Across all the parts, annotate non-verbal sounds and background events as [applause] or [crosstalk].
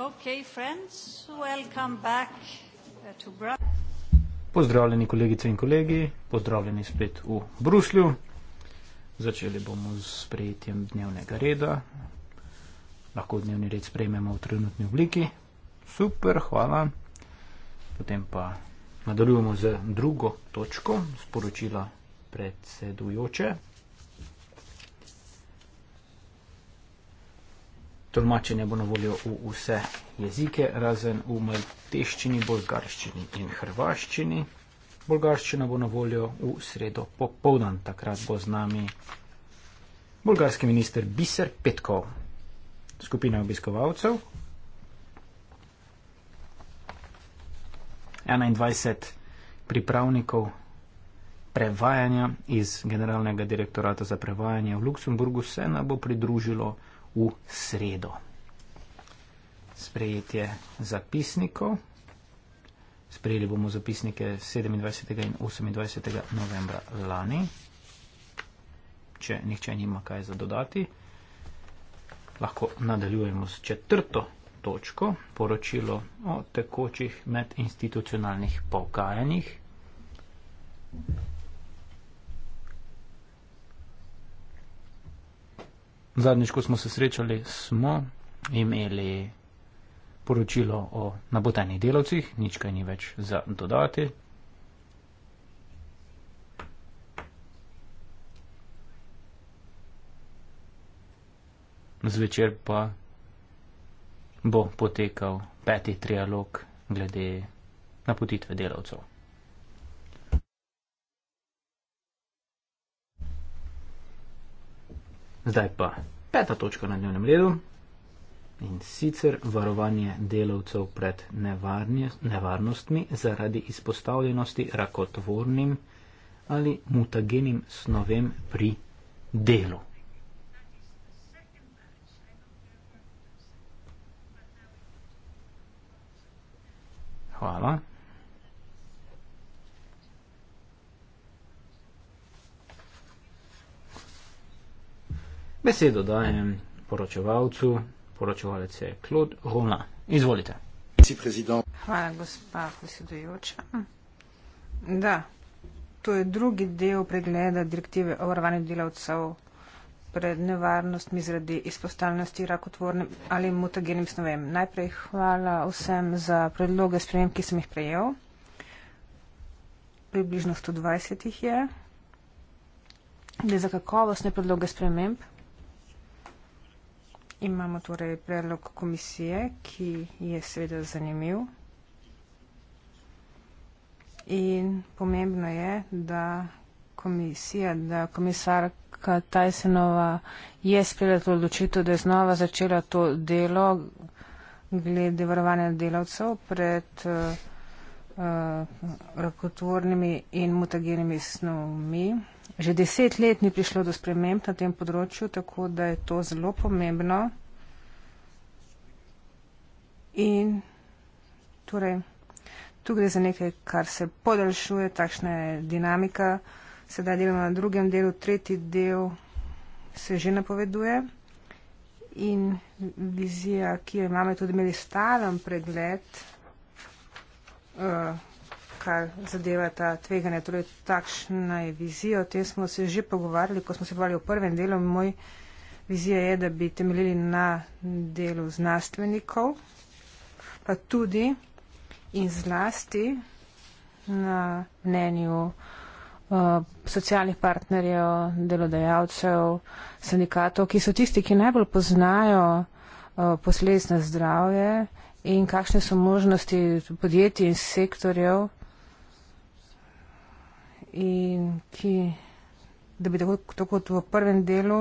Okay, friends, welcome back uh, to Brussels. Pozdravljeni, kolegice in kolegi, pozdravljeni spet v Bruslju. Začeli bomo s sprejetjem dnevnega reda. Lahko dnevni red sprejmemo v trenutni obliki. Super, hvala. Potem pa nadaljujemo z drugo točko, sporočila predsedujoče. tolmačenje bo na voljo v vse jezike, razen v malteščini, bolgarščini in hrvaščini. Bolgarščina bo na voljo v sredo popovdan, takrat bo z nami bolgarski minister Biser Petkov, skupina obiskovalcev. 21 pripravnikov prevajanja iz Generalnega direktorata za prevajanje v Luksemburgu se nam bo pridružilo v sredo. Sprejetje zapisnikov. Sprejeli bomo zapisnike 27. in 28. novembra lani, če nihče nima kaj za dodati. Lahko nadaljujemo s četrto točko, poročilo o tekočih medinstitucionalnih pogajanjih. zadnjič, ko smo se srečali, smo imeli poročilo o nabotenih delavcih, nič kaj ni več za dodati. Zvečer pa bo potekal peti trialog glede napotitve delavcev. Zdaj pa peta točka na dnevnem redu in sicer varovanje delavcev pred nevarnostmi zaradi izpostavljenosti rakotvornim ali mutagenim snovem pri delu. Hvala. Besedo dajem poročevalcu, poročevalec je Klod Rona. Izvolite. Hvala, gospa predsedujoča. Da, to je drugi del pregleda direktive o varovanju delavcev pred nevarnostmi zaradi izpostavljenosti rakotvornim ali mutagenim snovem. Najprej hvala vsem za predloge sprejem, ki sem jih prejel. Približno 120 jih je. Gre za kakovostne predloge sprememb, imamo torej predlog komisije, ki je seveda zanimiv. In pomembno je, da komisija, da komisarka Tajsenova je sprejela to odločitev, da je znova začela to delo glede varovanja delavcev pred uh, uh, rakotvornimi in mutagenimi snovmi že deset let ni prišlo do sprememb na tem področju, tako da je to zelo pomembno. In torej, tu gre za nekaj, kar se podaljšuje, takšna je dinamika. Sedaj delamo na drugem delu, tretji del se že napoveduje. In vizija, ki jo imamo, je tudi imeli stalen pregled. Uh, kar zadeva ta tveganja. Torej, takšna je vizija, o tem smo se že pogovarjali, ko smo se bavili o prvem delu. Moj vizija je, da bi temeljili na delu znanstvenikov, pa tudi in zlasti na mnenju eh, socialnih partnerjev, delodajalcev, sindikatov, ki so tisti, ki najbolj poznajo eh, posledice na zdravje in kakšne so možnosti podjetij in sektorjev in ki, da bi tako, tako kot v prvem delu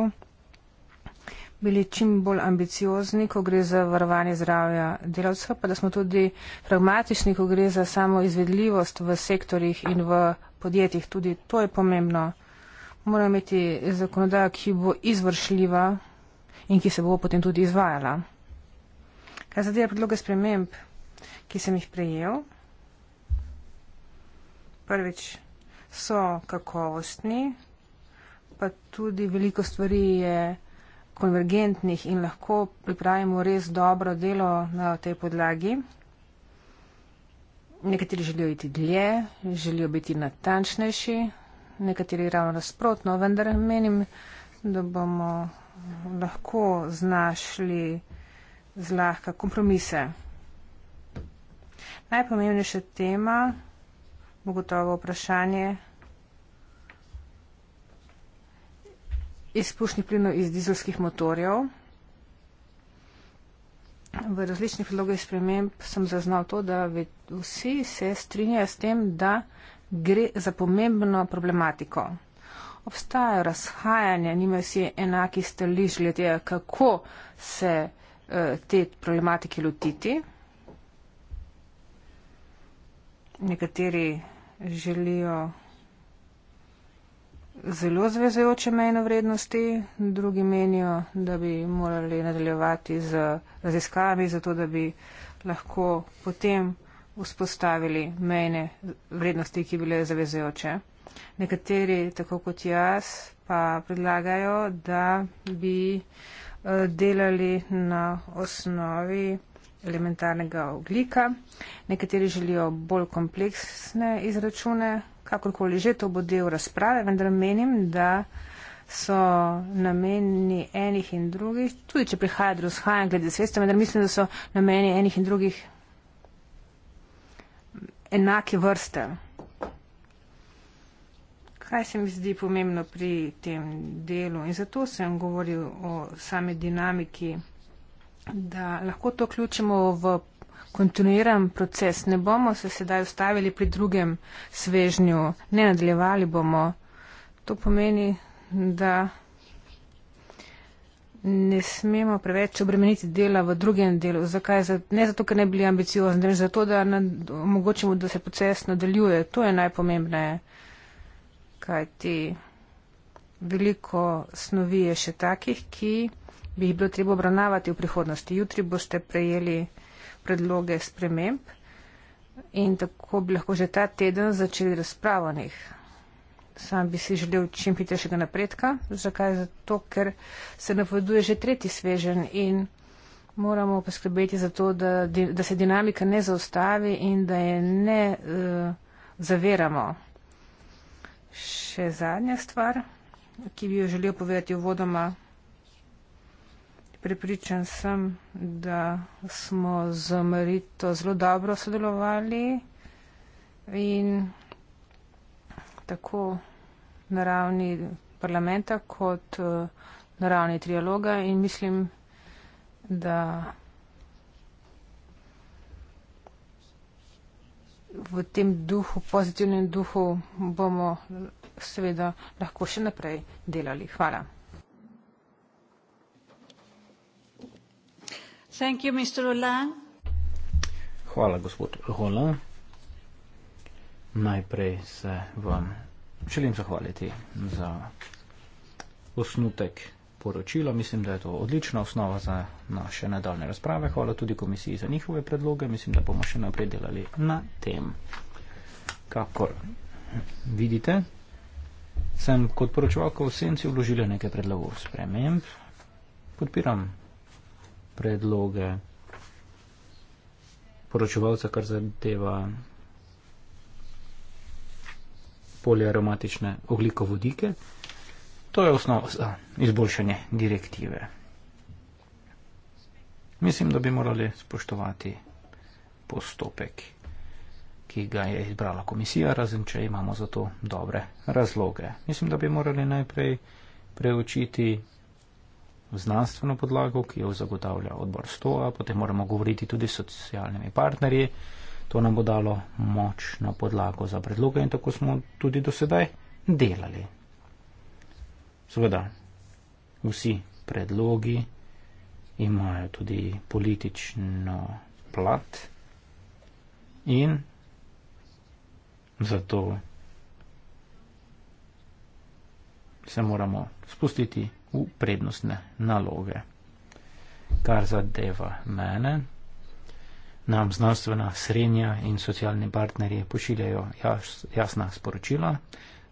bili čim bolj ambiciozni, ko gre za varovanje zdravja delavcev, pa da smo tudi pragmatični, ko gre za samo izvedljivost v sektorjih in v podjetjih. Tudi to je pomembno. Moramo imeti zakonodajo, ki bo izvršljiva in ki se bo potem tudi izvajala. Kaj zadeva predloge sprememb, ki sem jih prejel? Prvič, so kakovostni, pa tudi veliko stvari je konvergentnih in lahko pripravimo res dobro delo na tej podlagi. Nekateri želijo iti dlje, želijo biti natančnejši, nekateri ravno nasprotno, vendar menim, da bomo lahko znašli zlahka kompromise. Najpomembnejša tema bo gotovo vprašanje. Izpušni plinov iz dizelskih motorjev. V različnih predlogih sprememb sem zaznal to, da vsi se strinjajo s tem, da gre za pomembno problematiko. Obstajajo razhajanja, nimajo vsi enaki stališ glede, kako se eh, te problematike lotiti nekateri želijo zelo zvezajoče mejne vrednosti, drugi menijo, da bi morali nadaljevati z raziskavami, zato da bi lahko potem vzpostavili mejne vrednosti, ki bile zavezajoče. Nekateri, tako kot jaz, pa predlagajo, da bi eh, delali na osnovi elementarnega oglika. Nekateri želijo bolj kompleksne izračune, kakorkoli že to bo del razprave, vendar menim, da so nameni enih in drugih, tudi če prihaja do razhajanj glede sredstva, vendar mislim, da so nameni enih in drugih enake vrste. Kaj se mi zdi pomembno pri tem delu? In zato sem govoril o sami dinamiki da lahko to ključimo v kontinuiran proces. Ne bomo se sedaj ustavili pri drugem svežnju, ne nadaljevali bomo. To pomeni, da ne smemo preveč obremeniti dela v drugem delu. Zakaj? Ne zato, ker ne bili ambiciozni, ne zato, da omogočimo, da se proces nadaljuje. To je najpomembneje, kajti veliko snovi je še takih, ki bi jih bilo treba obravnavati v prihodnosti. Jutri boste prejeli predloge sprememb in tako bi lahko že ta teden začeli razpravo o njih. Sam bi si želel čim hitrejšega napredka. Zakaj? Zato, ker se napoveduje že tretji svežen in moramo poskrbeti za to, da, da se dinamika ne zaustavi in da je ne uh, eh, zaveramo. Še zadnja stvar, ki bi jo želel povedati uvodoma. vodoma. Pripričan sem, da smo z Marito zelo dobro sodelovali in tako na ravni parlamenta kot eh, na ravni trialoga in mislim, da v tem duhu, pozitivnem duhu bomo seveda lahko še naprej delali. Hvala. Thank you, Mr. Hollande. Hvala, gospod Hollande. Najprej se vam želim zahvaliti za osnutek poročila. Mislim, da je to odlična osnova za naše nadaljne razprave. Hvala tudi komisiji za njihove predloge. Mislim, da bomo še naprej delali na tem. Kakor vidite, sem kot poročevalka v senci vložila nekaj predlogov sprememb. Podpiram predloge poročevalca, kar zadeva poliaromatične oglikovodike. To je osnova za izboljšanje direktive. Mislim, da bi morali spoštovati postopek, ki ga je izbrala komisija, razen če imamo za to dobre razloge. Mislim, da bi morali najprej preučiti znanstveno podlago, ki jo zagotavlja odbor STOA, potem moramo govoriti tudi s socialnimi partnerji. To nam bo dalo močno podlago za predloge in tako smo tudi do sedaj delali. Seveda, vsi predlogi imajo tudi politično plat in zato se moramo spustiti v prednostne naloge. Kar zadeva mene, nam znanstvena srednja in socialni partnerji pošiljajo jas, jasna sporočila,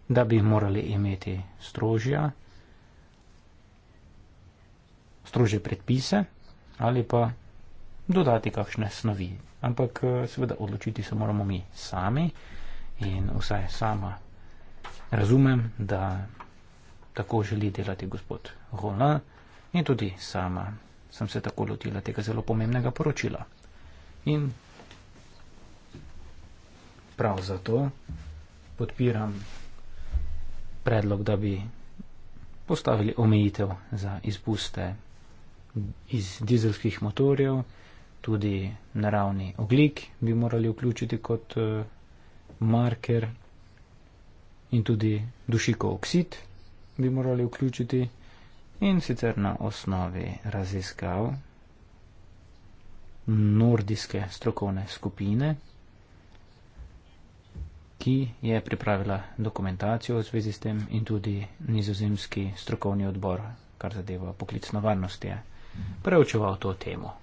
da bi morali imeti strožja, strože predpise ali pa dodati kakšne snovi. Ampak eh, seveda odločiti se moramo mi sami in vsaj sama razumem, da tako želi delati gospod Rola in tudi sama sem se tako lotila tega zelo pomembnega poročila. In prav zato podpiram predlog, da bi postavili omejitev za izpuste iz dizelskih motorjev, tudi naravni oglik bi morali vključiti kot eh, marker in tudi dušikov oksid bi morali vključiti in sicer na osnovi raziskav nordijske strokovne skupine, ki je pripravila dokumentacijo v zvezi s tem in tudi nizozemski strokovni odbor, kar zadeva poklicno varnost, je preučeval to temo.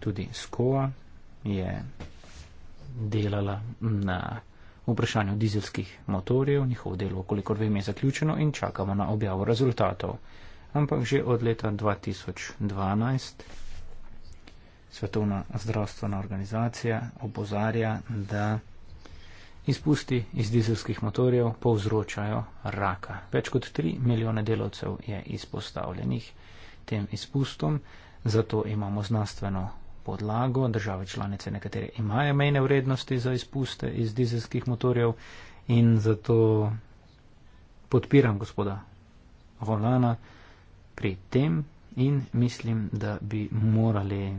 Tudi SCOA je delala na v vprašanju dizelskih motorjev, njihovo delo, kolikor vem, je zaključeno in čakamo na objavo rezultatov. Ampak že od leta 2012 Svetovna zdravstvena organizacija opozarja, da izpusti iz dizelskih motorjev povzročajo raka. Več kot 3 milijone delavcev je izpostavljenih tem izpustom, zato imamo znanstveno podlago. Države članice nekatere imajo mejne vrednosti za izpuste iz dizelskih motorjev in zato podpiram gospoda Volana pri tem in mislim, da bi morali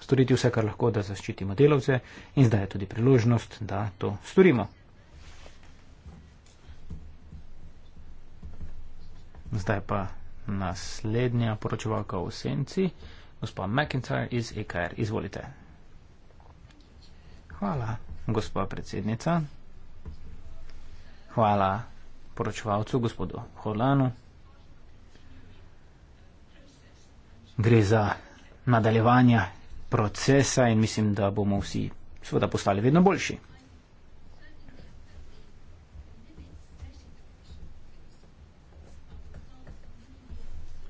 storiti vse, kar lahko, da zaščitimo delavce in zdaj je tudi priložnost, da to storimo. Zdaj pa naslednja poročevalka v senci. Gospa McIntyre iz EKR, izvolite. Hvala, gospa predsednica. Hvala poročevalcu, gospodu Holanu. Gre za nadaljevanje procesa in mislim, da bomo vsi seveda postali vedno boljši.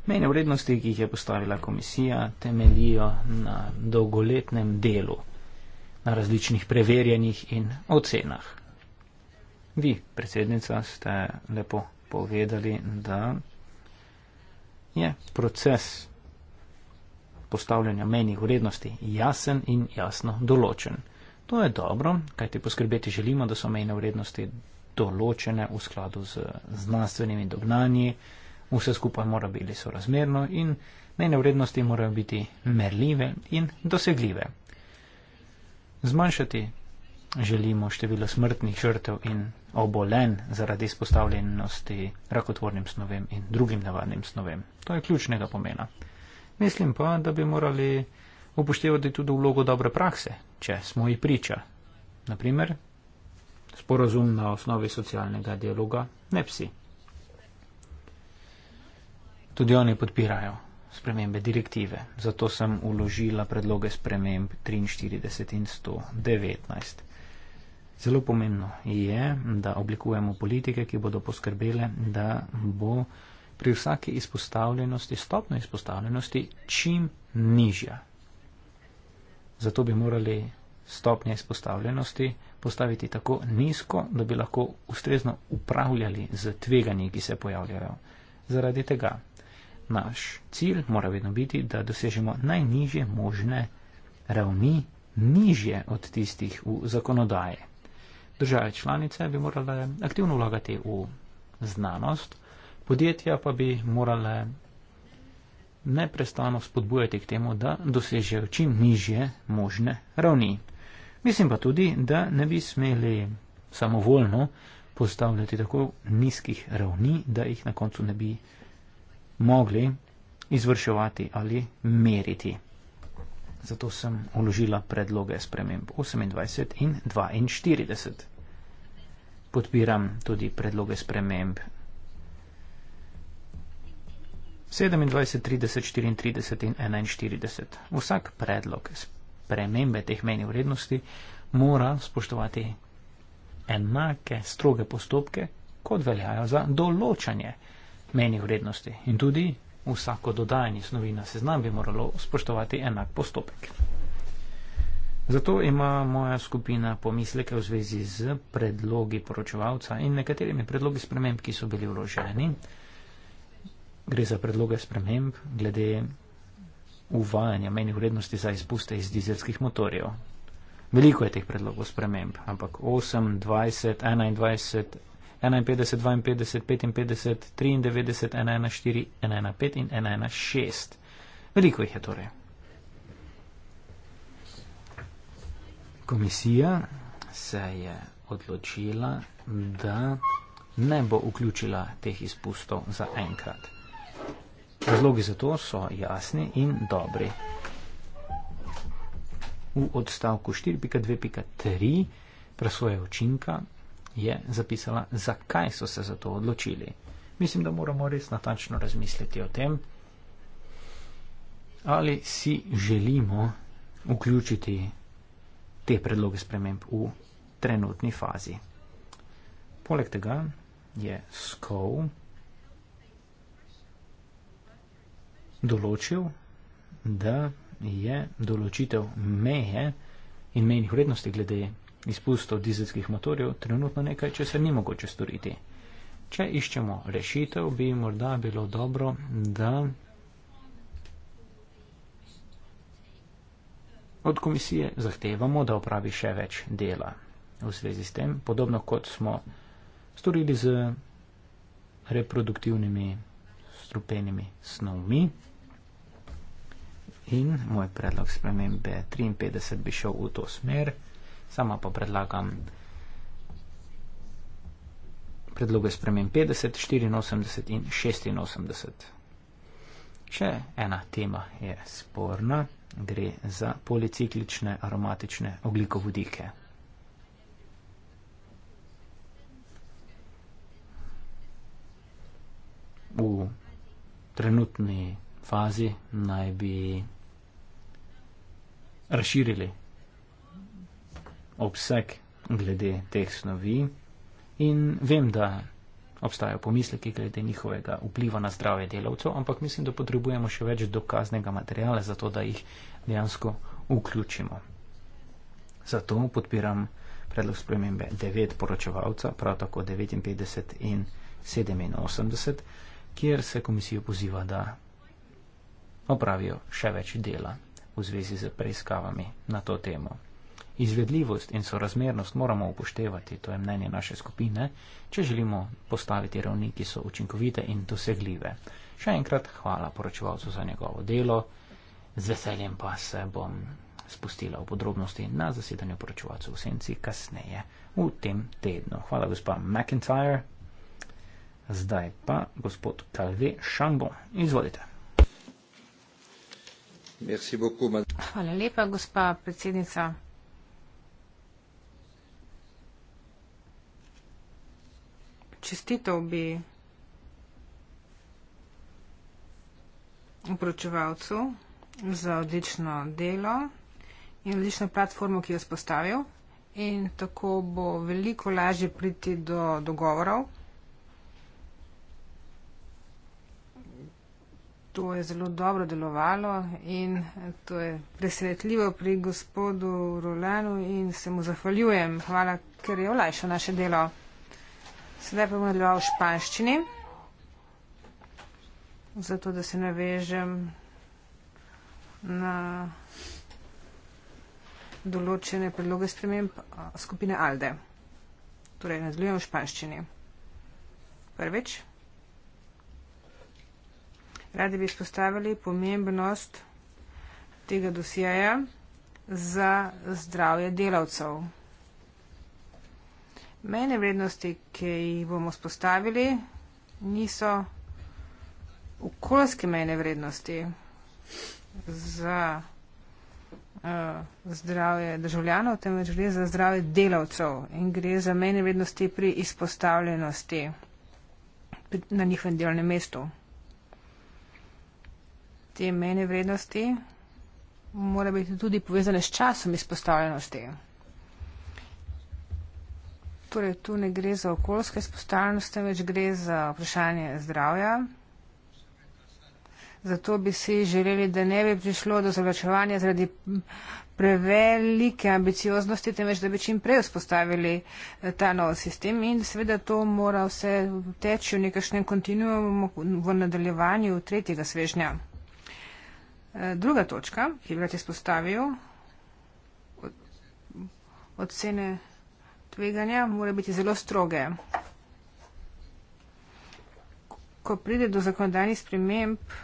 Mejne vrednosti, ki jih je postavila komisija, temelijo na dolgoletnem delu, na različnih preverjanjih in ocenah. Vi, predsednica, ste lepo povedali, da je proces postavljanja mejnih vrednosti jasen in jasno določen. To je dobro, kajti poskrbeti želimo, da so mejne vrednosti določene v skladu z znanstvenimi dognanji vse skupaj mora biti sorazmerno in mejne vrednosti morajo biti merljive in dosegljive. Zmanjšati želimo število smrtnih žrtev in obolen zaradi izpostavljenosti rakotvornim snovem in drugim nevarnim snovem. To je ključnega pomena. Mislim pa, da bi morali upoštevati tudi vlogo dobre prakse, če smo ji priča. Naprimer, sporozum na osnovi socialnega dialoga ne psi tudi oni podpirajo spremembe direktive. Zato sem uložila predloge sprememb 43 in 119. Zelo pomembno je, da oblikujemo politike, ki bodo poskrbele, da bo pri vsaki izpostavljenosti, stopno izpostavljenosti, čim nižja. Zato bi morali stopnje izpostavljenosti postaviti tako nizko, da bi lahko ustrezno upravljali z tveganji, ki se pojavljajo. Zaradi tega Naš cilj mora vedno biti, da dosežemo najnižje možne ravni, nižje od tistih v zakonodaje. Države članice bi morale aktivno vlagati v znanost, podjetja pa bi morale neprestano spodbujati k temu, da dosežejo čim nižje možne ravni. Mislim pa tudi, da ne bi smeli samovoljno postavljati tako nizkih ravni, da jih na koncu ne bi mogli izvrševati ali meriti. Zato sem uložila predloge sprememb 28 in 42. Podpiram tudi predloge sprememb 27, 30, 34 in 41. Vsak predlog spremembe teh meni vrednosti mora spoštovati enake, stroge postopke, kot veljajo za določanje menih vrednosti. In tudi vsako dodajanje snovi na seznam bi moralo spoštovati enak postopek. Zato ima moja skupina pomisleke v zvezi z predlogi poročevalca in nekaterimi predlogi sprememb, ki so bili vloženi. Gre za predloge sprememb glede uvajanja menih vrednosti za izpuste iz dizelskih motorjev. Veliko je teh predlogov sprememb, ampak 8, 20, 21 51, 52, 55, 93, 114, 115 in 116. Veliko jih je torej. Komisija se je odločila, da ne bo vključila teh izpustov za enkrat. Razlogi za to so jasni in dobri. V odstavku 4.2.3 presoje učinka je zapisala, zakaj so se za to odločili. Mislim, da moramo res natančno razmisliti o tem, ali si želimo vključiti te predloge sprememb v trenutni fazi. Poleg tega je SCOW določil, da je določitev meje in mejnih vrednosti glede izpustov dizelskih motorjev trenutno nekaj, če se ni mogoče storiti. Če iščemo rešitev, bi morda bilo dobro, da od komisije zahtevamo, da opravi še več dela v zvezi s tem, podobno kot smo storili z reproduktivnimi strupenimi snovmi. In moj predlog spremembe 53 bi šel v to smer. Sama pa predlagam predloge spremem 50, 84 in 86. Še ena tema je sporna, gre za policiklične aromatične oglikovodike. V trenutni fazi naj bi razširili obseg glede teh snovi in vem, da obstajajo pomisleki glede njihovega vpliva na zdravje delavcev, ampak mislim, da potrebujemo še več dokaznega materijala za to, da jih dejansko vključimo. Zato podpiram predlog spremembe 9 poročevalca, prav tako 59 in 87, kjer se komisijo poziva, da opravijo še več dela v zvezi z preiskavami na to temo izvedljivost in sorazmernost moramo upoštevati, to je mnenje naše skupine, če želimo postaviti ravni, ki so učinkovite in dosegljive. Še enkrat hvala poročevalcu za njegovo delo, z veseljem pa se bom spustila v podrobnosti na zasedanju poročevalcev v senci kasneje v tem tednu. Hvala gospa McIntyre. Zdaj pa gospod Calvé Chambon. Izvolite. Merci beaucoup, Hvala lepa, gospa predsednica čestitev bi upročevalcu za odlično delo in odlično platformo, ki jo spostavil in tako bo veliko lažje priti do dogovorov. To je zelo dobro delovalo in to je presvetljivo pri gospodu Rolanu in se mu zahvaljujem. Hvala, ker je olajšal naše delo. Sedaj pa bom nadaljeval v španščini, zato da se navežem na določene predloge sprememb skupine Alde. Torej, nadaljujem v španščini. Prvič. Radi bi izpostavili pomembnost tega dosjeja za zdravje delavcev. Mejne vrednosti, ki jih bomo spostavili, niso okoljske mejne vrednosti za uh, zdravje državljanov, temveč gre za zdravje delavcev in gre za mejne vrednosti pri izpostavljenosti pri, na njihovem delovnem mestu. Te mejne vrednosti morajo biti tudi povezane s časom izpostavljenosti. Torej, tu ne gre za okoljske spostavljenosti, temveč gre za vprašanje zdravja. Zato bi si želeli, da ne bi prišlo do zavlačevanja zaradi prevelike ambicioznosti, temveč da bi čim prej vzpostavili eh, ta nov sistem in seveda to mora vse teči v nekašnem kontinuumu v nadaljevanju tretjega svežnja. Eh, druga točka, ki bi rad izpostavil, ocene. Od, tveganja, mora biti zelo stroge. Ko pride do zakonodajnih sprememb,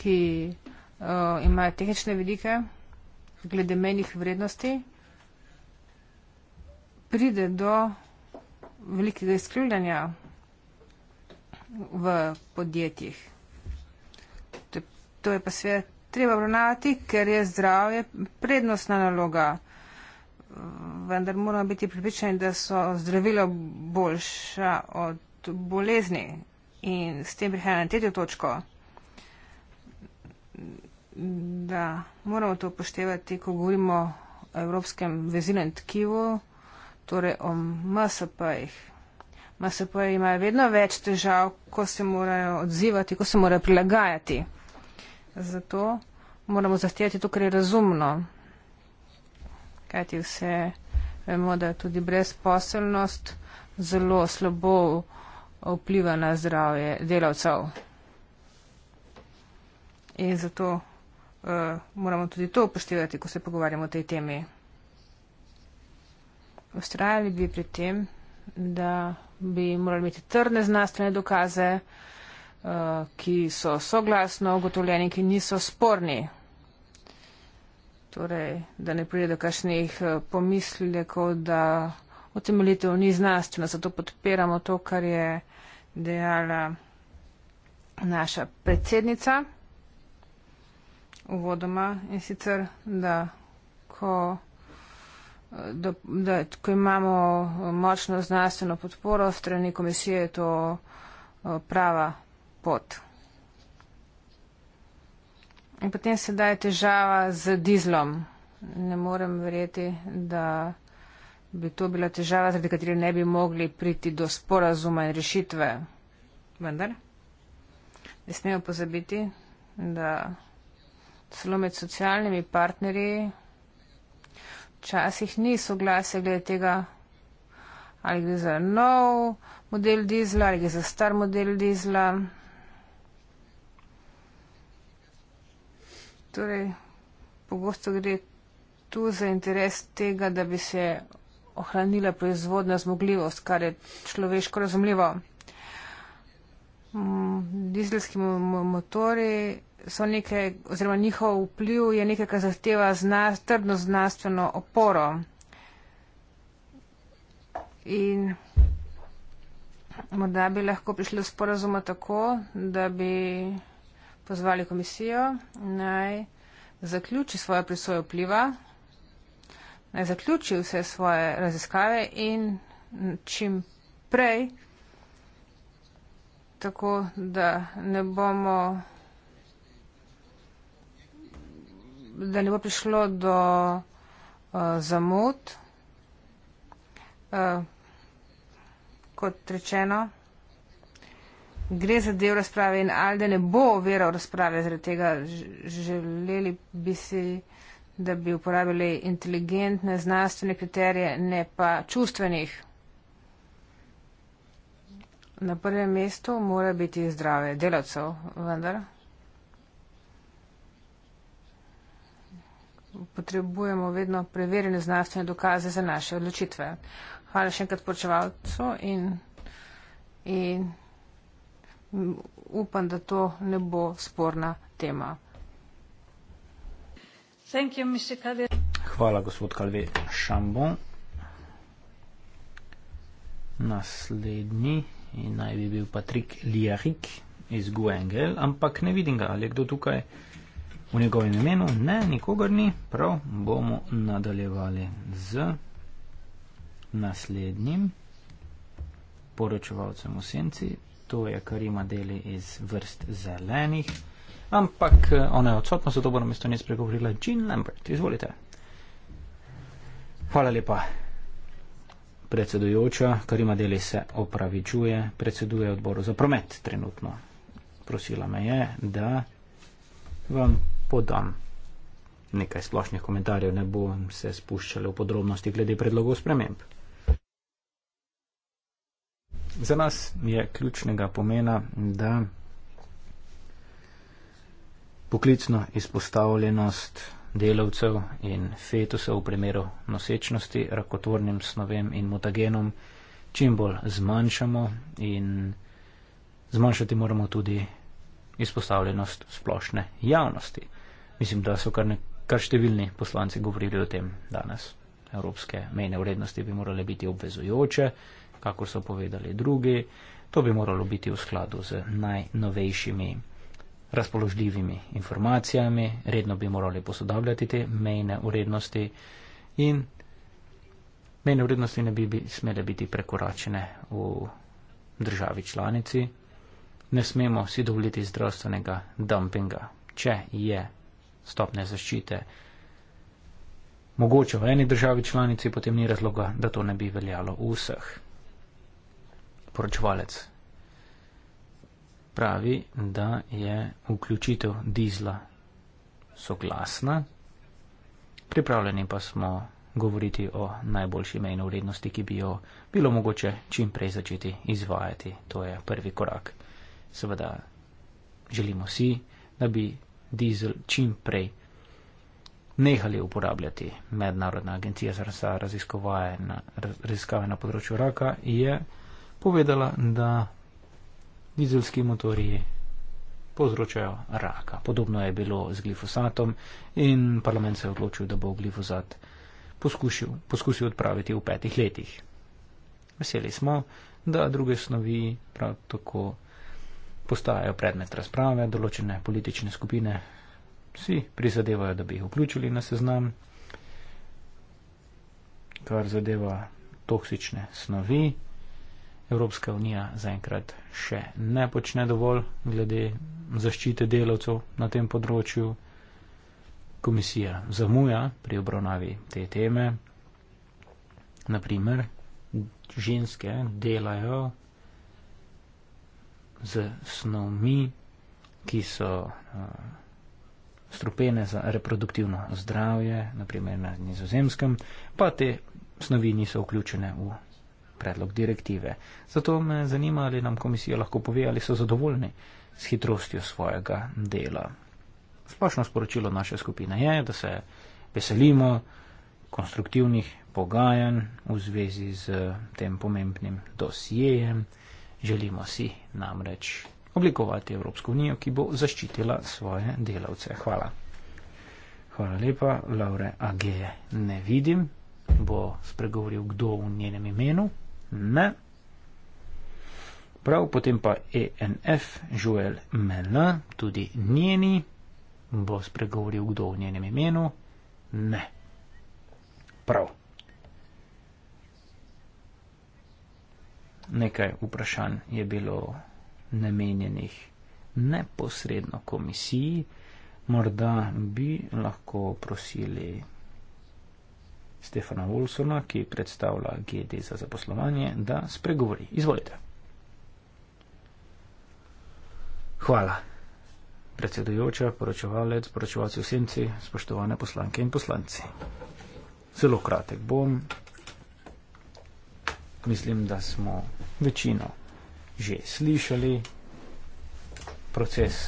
ki uh, imajo tehnične vidike, glede menjih vrednosti, pride do velikega izkrivljanja v podjetjih. To je pa sve treba obravnavati, ker je zdravje prednostna naloga vendar moramo biti pripričani, da so zdravila boljša od bolezni. In s tem prihajamo na tretjo točko, da moramo to upoštevati, ko govorimo o evropskem vezilnem tkivu, torej o MSP-jih. MSP-ji imajo vedno več težav, ko se morajo odzivati, ko se morajo prilagajati. Zato moramo zahtevati to, kar je razumno kajti vse eh, vemo, da tudi brezposelnost zelo slabo vpliva na zdravje delavcev. In zato uh, moramo tudi to upoštevati, ko se pogovarjamo o tej temi. Ustrajali bi pri tem, da bi morali imeti trdne znanstvene dokaze, uh, ki so soglasno ugotovljeni, ki niso sporni torej, da ne pride do kašnih eh, pomislekov, da utemeljitev ni znanstvena, zato podpiramo to, kar je dejala naša predsednica uvodoma in sicer, da ko, eh, da, da, ko imamo močno znanstveno podporo strani komisije, je to eh, prava pot. In potem sedaj je težava z dizlom. Ne morem verjeti, da bi to bila težava, zaradi katere ne bi mogli priti do sporazuma in rešitve. Vendar ne smemo pozabiti, da celo med socialnimi partnerji včasih ni soglasje glede tega, ali gre za nov model dizla, ali gre za star model dizla. Torej, pogosto gre tu za interes tega, da bi se ohranila proizvodna zmogljivost, kar je človeško razumljivo. Mm, dizelski motori so nekaj, oziroma njihov vpliv je nekaj, kar zahteva zna, trdno znanstveno oporo. In morda bi lahko prišli do sporazuma tako, da bi pozvali komisijo naj zaključi svojo presojo vpliva, naj zaključi vse svoje raziskave in čim prej, tako da ne bomo da ne bo prišlo do uh, zamud. Uh, kot rečeno, gre za del razprave in ali da ne bo vera v razprave, zaradi tega želeli bi si, da bi uporabili inteligentne znanstvene kriterije, ne pa čustvenih. Na prvem mestu mora biti zdrave delavcev, vendar. Potrebujemo vedno preverjene znanstvene dokaze za naše odločitve. Hvala še enkrat počevalcu in. in Upam, da to ne bo sporna tema. Hvala, gospod Kalve Šambon. Naslednji naj bi bil Patrik Lijarik iz Guengel, ampak ne vidim ga. Ali je kdo tukaj v njegovem imenu? Ne, nikogar ni. Prav, bomo nadaljevali z naslednjim poročevalcem v senci, to je Karima Deli iz vrst zelenih. Ampak eh, ona je odsotna, zato bo na mesto nje spregovorila Jean Lambert. Izvolite. Hvala lepa. Predsedujoča Karima Deli se opravičuje, predseduje odboru za promet trenutno. Prosila me je, da vam podam nekaj splošnih komentarjev, ne bom se spuščala v podrobnosti glede predlogov sprememb. Za nas je ključnega pomena, da poklicno izpostavljenost delavcev in fetusov v primeru nosečnosti rakotvornim snovem in mutagenom čim bolj zmanjšamo in zmanjšati moramo tudi izpostavljenost splošne javnosti. Mislim, da so kar, ne, kar številni poslanci govorili o tem danes. Evropske mejne vrednosti bi morale biti obvezujoče kakor so povedali drugi, to bi moralo biti v skladu z najnovejšimi razpoložljivimi informacijami, redno bi morali posodabljati te mejne urednosti in mejne urednosti ne bi, bi smele biti prekoračene v državi članici. Ne smemo si dovoliti zdravstvenega dumpinga, če je stopne zaščite mogoče v eni državi članici, potem ni razloga, da to ne bi veljalo v vseh poročevalec pravi, da je vključitev dizla soglasna. Pripravljeni pa smo govoriti o najboljši mejni vrednosti, ki bi jo bilo mogoče čim prej začeti izvajati. To je prvi korak. Seveda želimo si, da bi dizel čim prej nehali uporabljati. Mednarodna agencija za raziskave na, na področju raka je povedala, da dizelski motorji povzročajo raka. Podobno je bilo z glifosatom in parlament se je odločil, da bo glifosat poskušil, poskusil odpraviti v petih letih. Veseli smo, da druge snovi prav tako postajajo predmet razprave, določene politične skupine si prizadevajo, da bi jih vključili na seznam, kar zadeva toksične snovi. Evropska unija zaenkrat še ne počne dovolj glede zaščite delavcev na tem področju. Komisija zamuja pri obravnavi te teme. Naprimer, ženske delajo z snovmi, ki so uh, strupene za reproduktivno zdravje, naprimer na nizozemskem, pa te snovi niso vključene v predlog direktive. Zato me zanima, ali nam komisija lahko pove, ali so zadovoljni s hitrostjo svojega dela. Splošno sporočilo naše skupine je, da se veselimo konstruktivnih pogajanj v zvezi z tem pomembnim dosijejem. Želimo si namreč oblikovati Evropsko unijo, ki bo zaščitila svoje delavce. Hvala. Hvala lepa, Laure Age. Ne vidim, bo spregovoril kdo v njenem imenu. Ne. Prav, potem pa ENF, Joel Mela, tudi njeni. Bo spregovoril, kdo v njenem imenu? Ne. Prav. Nekaj vprašanj je bilo namenjenih neposredno komisiji. Morda bi lahko prosili Stefana Wolsona, ki predstavlja GD za zaposlovanje, da spregovori. Izvolite. Hvala. Predsedujoča, poročevalec, poročevalci v senci, spoštovane poslanke in poslanci. Zelo kratek bom. Mislim, da smo večino že slišali. Proces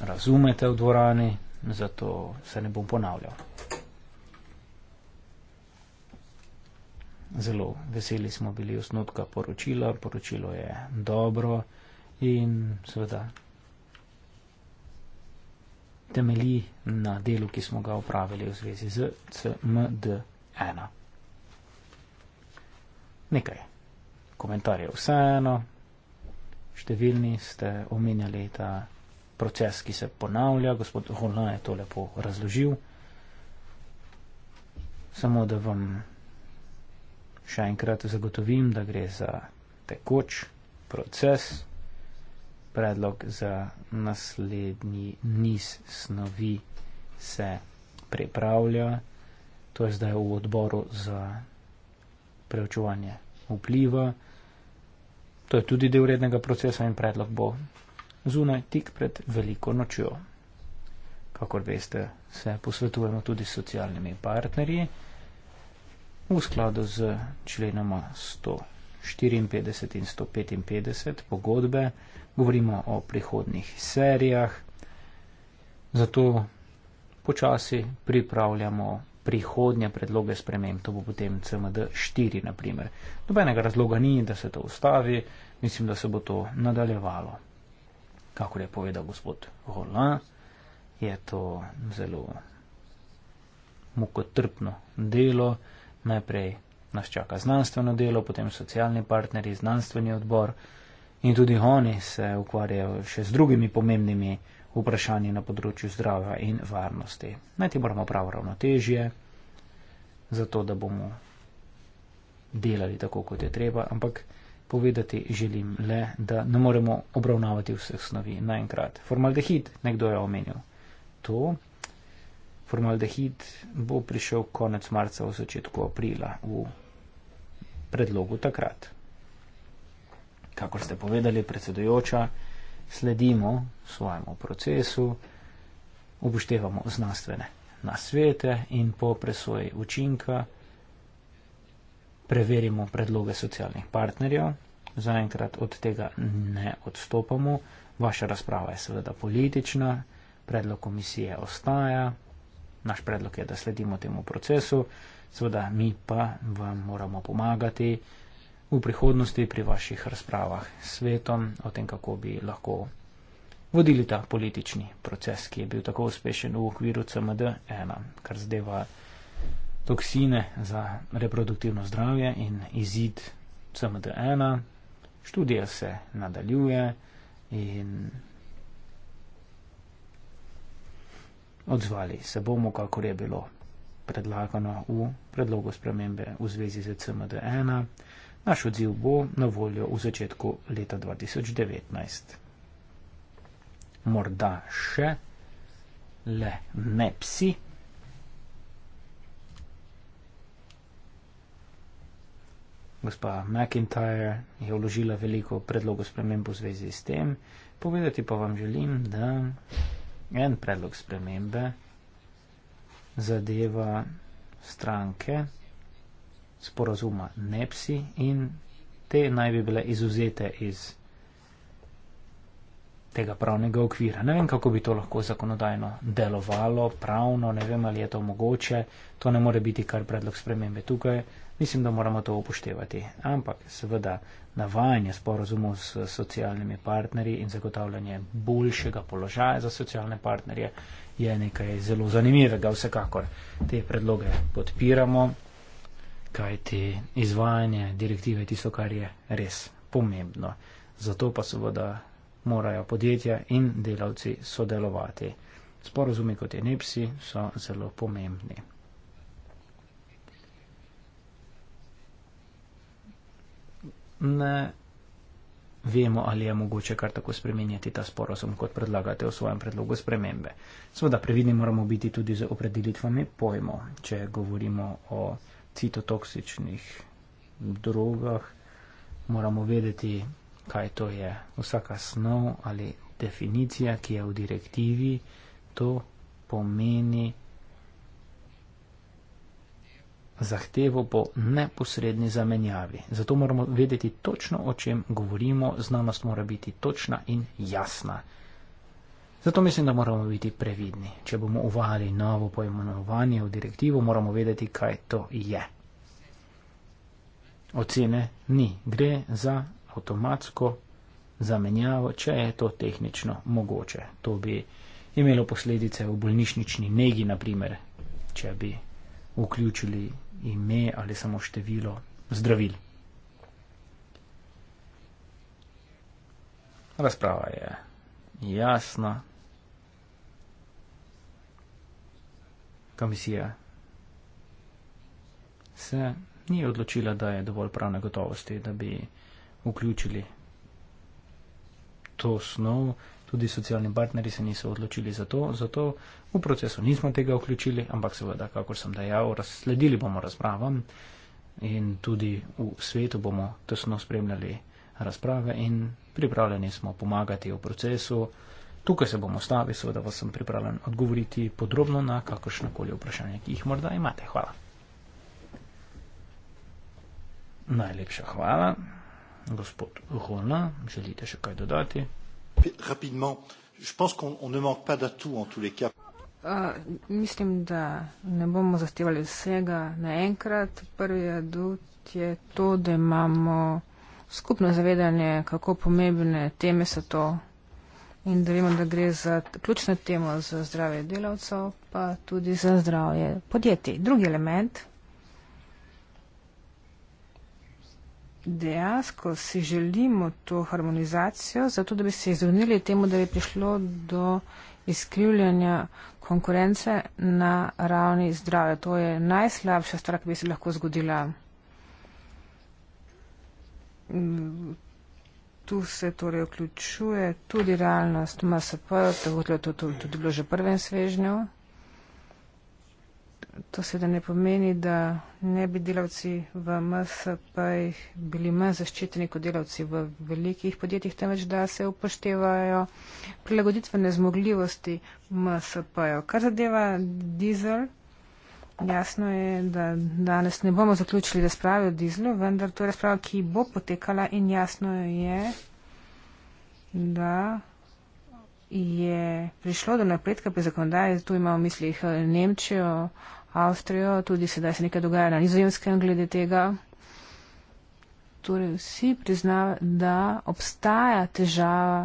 razumete v dvorani, zato se ne bom ponavljal. zelo veseli smo bili osnotka poročila, poročilo je dobro in seveda temelji na delu, ki smo ga upravili v zvezi z CMD1. Nekaj komentarjev vseeno. Številni ste omenjali ta proces, ki se ponavlja. Gospod Holna je to lepo razložil. Samo da vam Še enkrat zagotovim, da gre za tekoč proces, predlog za naslednji niz snovi se pripravlja, to je zdaj v odboru za preučevanje vpliva, to je tudi del rednega procesa in predlog bo zunaj tik pred veliko nočjo. Kakor veste, se posvetujemo tudi s socialnimi partnerji v skladu z členoma 154 in 155 pogodbe, govorimo o prihodnih serijah, zato počasi pripravljamo prihodnje predloge sprememb, to bo potem CMD 4, na primer. Dobenega razloga ni, da se to ustavi, mislim, da se bo to nadaljevalo. Kakor je povedal gospod Hola, je to zelo mukotrpno delo najprej nas čaka znanstveno delo, potem socialni partneri, znanstveni odbor in tudi oni se ukvarjajo še z drugimi pomembnimi vprašanji na področju zdravja in varnosti. Najti moramo pravo ravnotežje, zato da bomo delali tako, kot je treba, ampak povedati želim le, da ne moremo obravnavati vseh snovi naenkrat. Formaldehid, nekdo je omenil. To formaldehid bo prišel konec marca, v začetku aprila, v predlogu takrat. Kakor ste povedali, predsedujoča, sledimo svojemu procesu, upoštevamo znanstvene nasvete in po presoji učinka preverimo predloge socialnih partnerjev. Zaenkrat od tega ne odstopamo. Vaša razprava je seveda politična, predlog komisije ostaja, naš predlog je, da sledimo temu procesu, seveda mi pa vam moramo pomagati v prihodnosti pri vaših razpravah s svetom o tem, kako bi lahko vodili ta politični proces, ki je bil tako uspešen v okviru CMD1, kar zdeva toksine za reproduktivno zdravje in izid CMD1. Študija se nadaljuje in odzvali, se bomo, kakor je bilo predlagano v predlogu spremembe v zvezi z CMD1. Naš odziv bo na voljo v začetku leta 2019. Morda še le ne psi. Gospa McIntyre je vložila veliko predlogov spremembo v zvezi s tem. Povedati pa vam želim, da en predlog spremembe zadeva stranke sporazuma NEPSI in te naj bi bile izuzete iz tega pravnega okvira. Ne vem, kako bi to lahko zakonodajno delovalo, pravno, ne vem, ali je to mogoče, to ne more biti kar predlog spremembe. Tukaj Mislim, da moramo to upoštevati. Ampak seveda navajanje sporozumov s socialnimi partnerji in zagotavljanje boljšega položaja za socialne partnerje je nekaj zelo zanimivega. Vsekakor te predloge podpiramo, kajti izvajanje direktive je tisto, kar je res pomembno. Zato pa seveda morajo podjetja in delavci sodelovati. Sporozumi kot je NEPSI so zelo pomembni. ne vemo, ali je mogoče kar tako spremenjati ta sporozum, kot predlagate v svojem predlogu spremembe. Sveda, previdni moramo biti tudi z opredelitvami pojmov, če govorimo o citotoksičnih drogah, moramo vedeti, kaj to je vsaka snov ali definicija, ki je v direktivi, to pomeni zahtevo po neposredni zamenjavi. Zato moramo vedeti točno, o čem govorimo, znanost mora biti točna in jasna. Zato mislim, da moramo biti previdni. Če bomo uvali novo pojmenovanje v direktivo, moramo vedeti, kaj to je. Ocene ni. Gre za avtomatsko zamenjavo, če je to tehnično mogoče. To bi imelo posledice v bolnišnični negi, naprimer, če bi vključili ime ali samo število zdravil. Razprava je jasna. Komisija se ni odločila, da je dovolj pravne gotovosti, da bi vključili to snov tudi socialni partneri se niso odločili za to, zato v procesu nismo tega vključili, ampak seveda, kakor sem dejal, sledili bomo razpravam in tudi v svetu bomo tesno spremljali razprave in pripravljeni smo pomagati v procesu. Tukaj se bomo stavili, seveda vas sem pripravljen odgovoriti podrobno na kakršnekoli vprašanje, ki jih morda imate. Hvala. Najlepša hvala. Gospod Hona, želite še kaj dodati? rapidement. Je pense qu'on ne manque pas d'atouts en tous les cas. Uh, mislim, da ne bomo zahtevali vsega naenkrat. Prvi adut je to, da imamo skupno zavedanje, kako pomembne teme so to in da vemo, da gre za ključno temo za zdravje delavcev, pa tudi za zdravje podjetij. Drugi element dejansko si želimo to harmonizacijo, zato da bi se izvrnili temu, da bi prišlo do izkrivljanja konkurence na ravni zdravja. To je najslabša stvar, ki bi se lahko zgodila. Tu se torej vključuje tudi realnost MSP, tako kot je to tudi bilo že prvem svežnju. To seveda ne pomeni, da ne bi delavci v MSP bili manj zaščiteni kot delavci v velikih podjetjih, temveč da se upoštevajo prilagoditvene zmogljivosti MSP-jo. Kar zadeva dizel, jasno je, da danes ne bomo zaključili razprave o dizlu, vendar to je razprava, ki bo potekala in jasno je, da je prišlo do napredka pri zakonodaji, tu imamo v mislih Nemčijo, Avstrijo, tudi sedaj se nekaj dogaja na nizozemskem glede tega. Torej vsi priznajo, da obstaja težava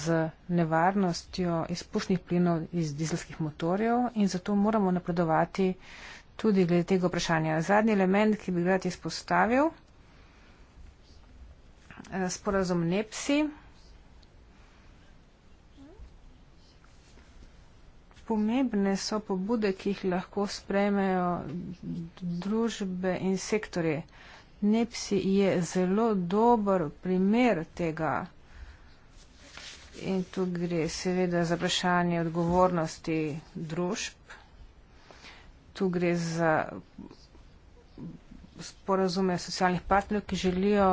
z nevarnostjo izpušnih plinov iz dizelskih motorjev in zato moramo napredovati tudi glede tega vprašanja. Zadnji element, ki bi ga rad izpostavil, eh, sporazum NEPSI. pomembne so pobude, ki jih lahko sprejmejo družbe in sektorje. Nepsi je zelo dober primer tega. In tu gre seveda za vprašanje odgovornosti družb. Tu gre za sporazume socialnih partnerjev, ki želijo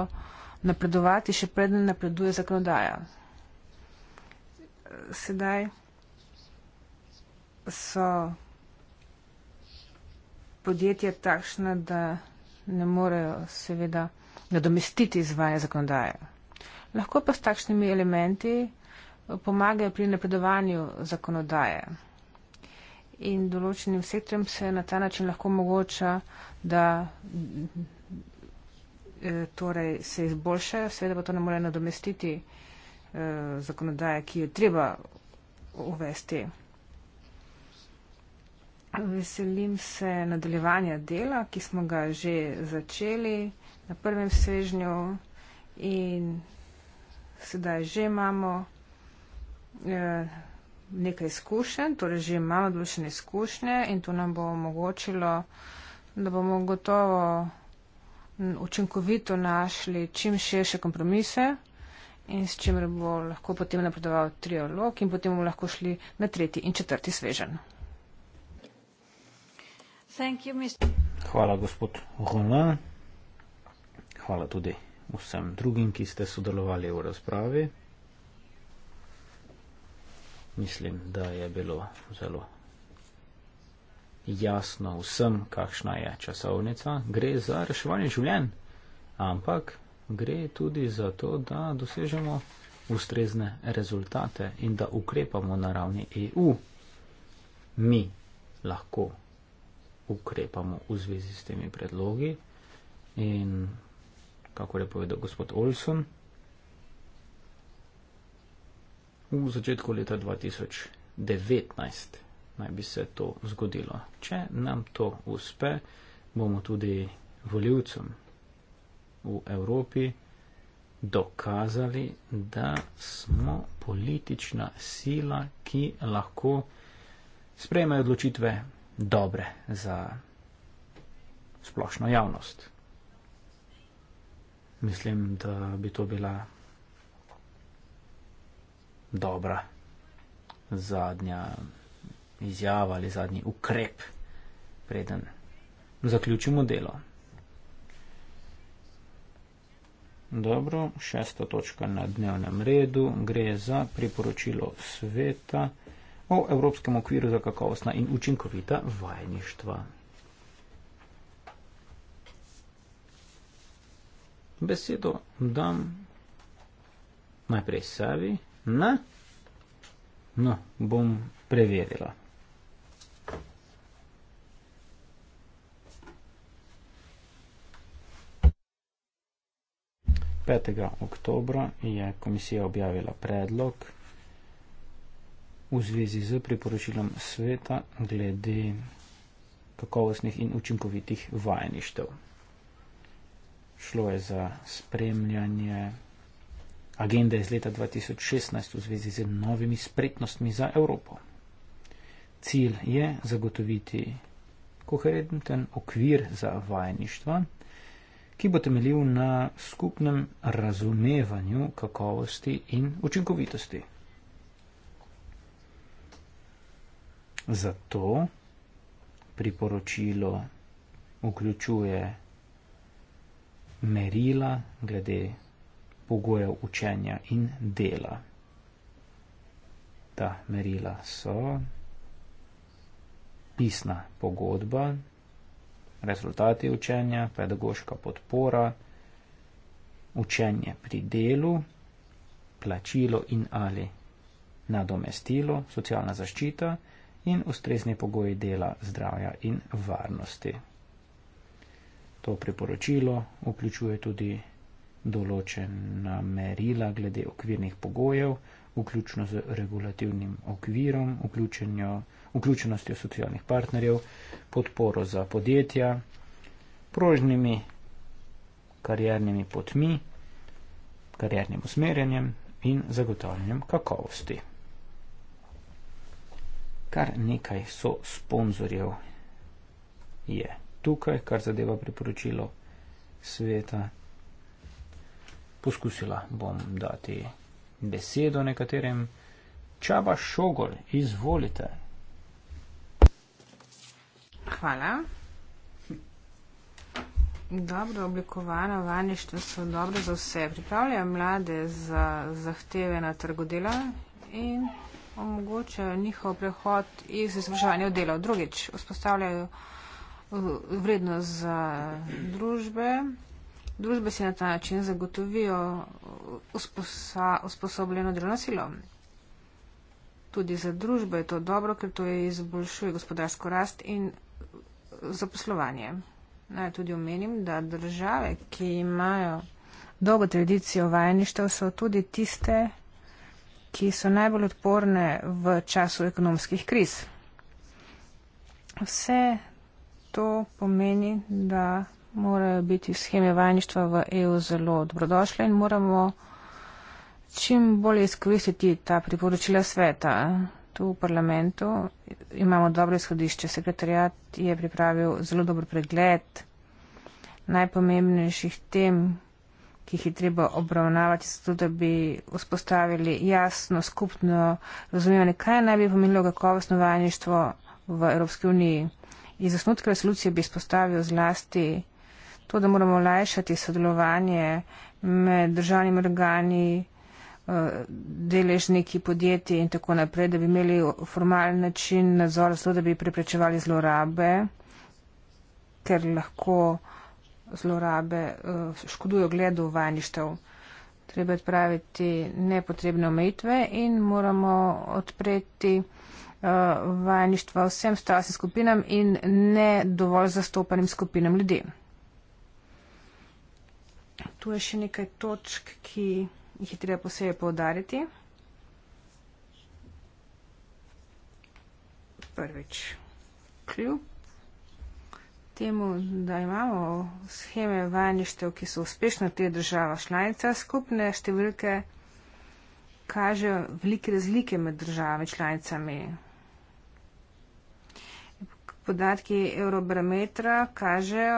napredovati, še preden napreduje zakonodaja. Sedaj so podjetja takšna, da ne morejo seveda nadomestiti izvaja zakonodaje. Lahko pa s takšnimi elementi eh, pomagajo pri napredovanju zakonodaje. In določenim sektorjem se na ta način lahko mogoča, da eh, torej, se izboljšajo, seveda pa to ne more nadomestiti eh, zakonodaje, ki je treba uvesti. Veselim se nadaljevanja dela, ki smo ga že začeli na prvem svežnju in sedaj že imamo eh, nekaj izkušenj, torej že imamo določene izkušnje in to nam bo omogočilo, da bomo gotovo mm, učinkovito našli čim širše kompromise in s čimer bo lahko potem napredoval triolog in potem bomo lahko šli na tretji in četrti svežen. Hvala, gospod Roman. Hvala tudi vsem drugim, ki ste sodelovali v razpravi. Mislim, da je bilo zelo jasno vsem, kakšna je časovnica. Gre za reševanje življenj, ampak gre tudi za to, da dosežemo ustrezne rezultate in da ukrepamo na ravni EU. Mi lahko ukrepamo v zvezi s temi predlogi. In kako je povedal gospod Olson, v začetku leta 2019 naj bi se to zgodilo. Če nam to uspe, bomo tudi voljivcem v Evropi dokazali, da smo politična sila, ki lahko sprejme odločitve dobre za splošno javnost. Mislim, da bi to bila dobra zadnja izjava ali zadnji ukrep, preden zaključimo delo. Dobro, šesta točka na dnevnem redu gre za priporočilo sveta o Evropskem okviru za kakovostna in učinkovita vajeništva. Besedo dam najprej Savi. Na? No, bom preverila. Petega oktobra je komisija objavila predlog v zvezi z priporočilom sveta glede kakovostnih in učinkovitih vajeništev. Šlo je za spremljanje agende iz leta 2016 v zvezi z novimi spretnostmi za Evropo. Cilj je zagotoviti koherenten okvir za vajeništva, ki bo temeljil na skupnem razumevanju kakovosti in učinkovitosti. Zato priporočilo vključuje merila glede pogojev učenja in dela. Ta merila so pisna pogodba, rezultati učenja, pedagoška podpora, učenje pri delu, plačilo in ali nadomestilo, socialna zaščita in ustrezni pogoji dela, zdravja in varnosti. To priporočilo vključuje tudi določena merila glede okvirnih pogojev, vključno z regulativnim okvirom, vključenostjo socialnih partnerjev, podporo za podjetja, prožnimi kariernimi potmi, kariernim usmerjanjem in zagotavljanjem kakovosti kar nekaj so sponzorjev je tukaj, kar zadeva priporočilo sveta. Poskusila bom dati besedo nekaterim. Čaba Šogol, izvolite. Hvala. Dobro oblikovano vanjištvo so dobro za vse. Pripravljajo mlade za zahteve na trgodela in omogoča njihov prehod iz izobraževanja v delo. Drugič, vzpostavljajo vrednost za družbe. Družbe si na ta način zagotovijo usposobljeno delovno silo. Tudi za družbo je to dobro, ker to izboljšuje gospodarsko rast in zaposlovanje. Naj tudi omenim, da države, ki imajo dolgo tradicijo vajeništev, so tudi tiste, ki so najbolj odporne v času ekonomskih kriz. Vse to pomeni, da morajo biti scheme vajništva v EU zelo dobrodošle in moramo čim bolje izkoristiti ta priporočila sveta. Tu v parlamentu imamo dobro izhodišče. Sekretarjat je pripravil zelo dober pregled najpomembnejših tem, ki jih je treba obravnavati, zato da bi vzpostavili jasno, skupno razumevanje, kaj naj bi pomenilo kakovostno vajništvo v Evropski uniji. Iz osnutka resolucije bi spostavil zlasti to, da moramo olajšati sodelovanje med državnimi organi, eh, deležniki podjetij in tako naprej, da bi imeli formalen način nadzor, zato da bi preprečevali zlorabe, ker lahko uh, zlorabe eh, škodujo gledu vajništev. Treba odpraviti nepotrebne omejitve in moramo odpreti eh, vajništva vsem starostnim skupinam in ne dovolj zastopanim skupinam ljudi. Tu je še nekaj točk, ki jih je treba posebej povdariti. Prvič, kljub temu, da imamo scheme vajništev, ki so uspešno te država članica, skupne številke kažejo velike razlike med državami članicami. Podatki Eurobarometra kažejo,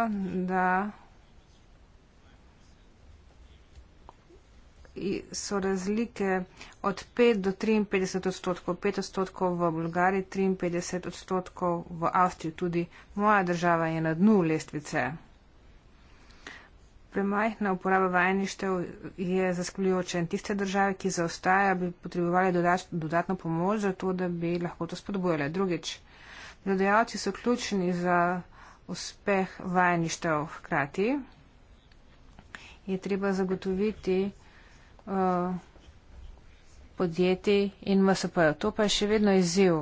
da so razlike od 5 do 53 odstotkov, 5 odstotkov v Bolgariji, 53 odstotkov v Avstriji, tudi moja država je na dnu lestvice. Premajhna uporaba vajeništev je zaskrbljujoča in tiste države, ki zaostajajo, bi potrebovali dodatno pomoč za to, da bi lahko to spodbojale. Drugič, delodajalci so ključni za uspeh vajeništev hkrati. Je treba zagotoviti, Eh, podjetij in MSP-jev. To pa je še vedno izziv.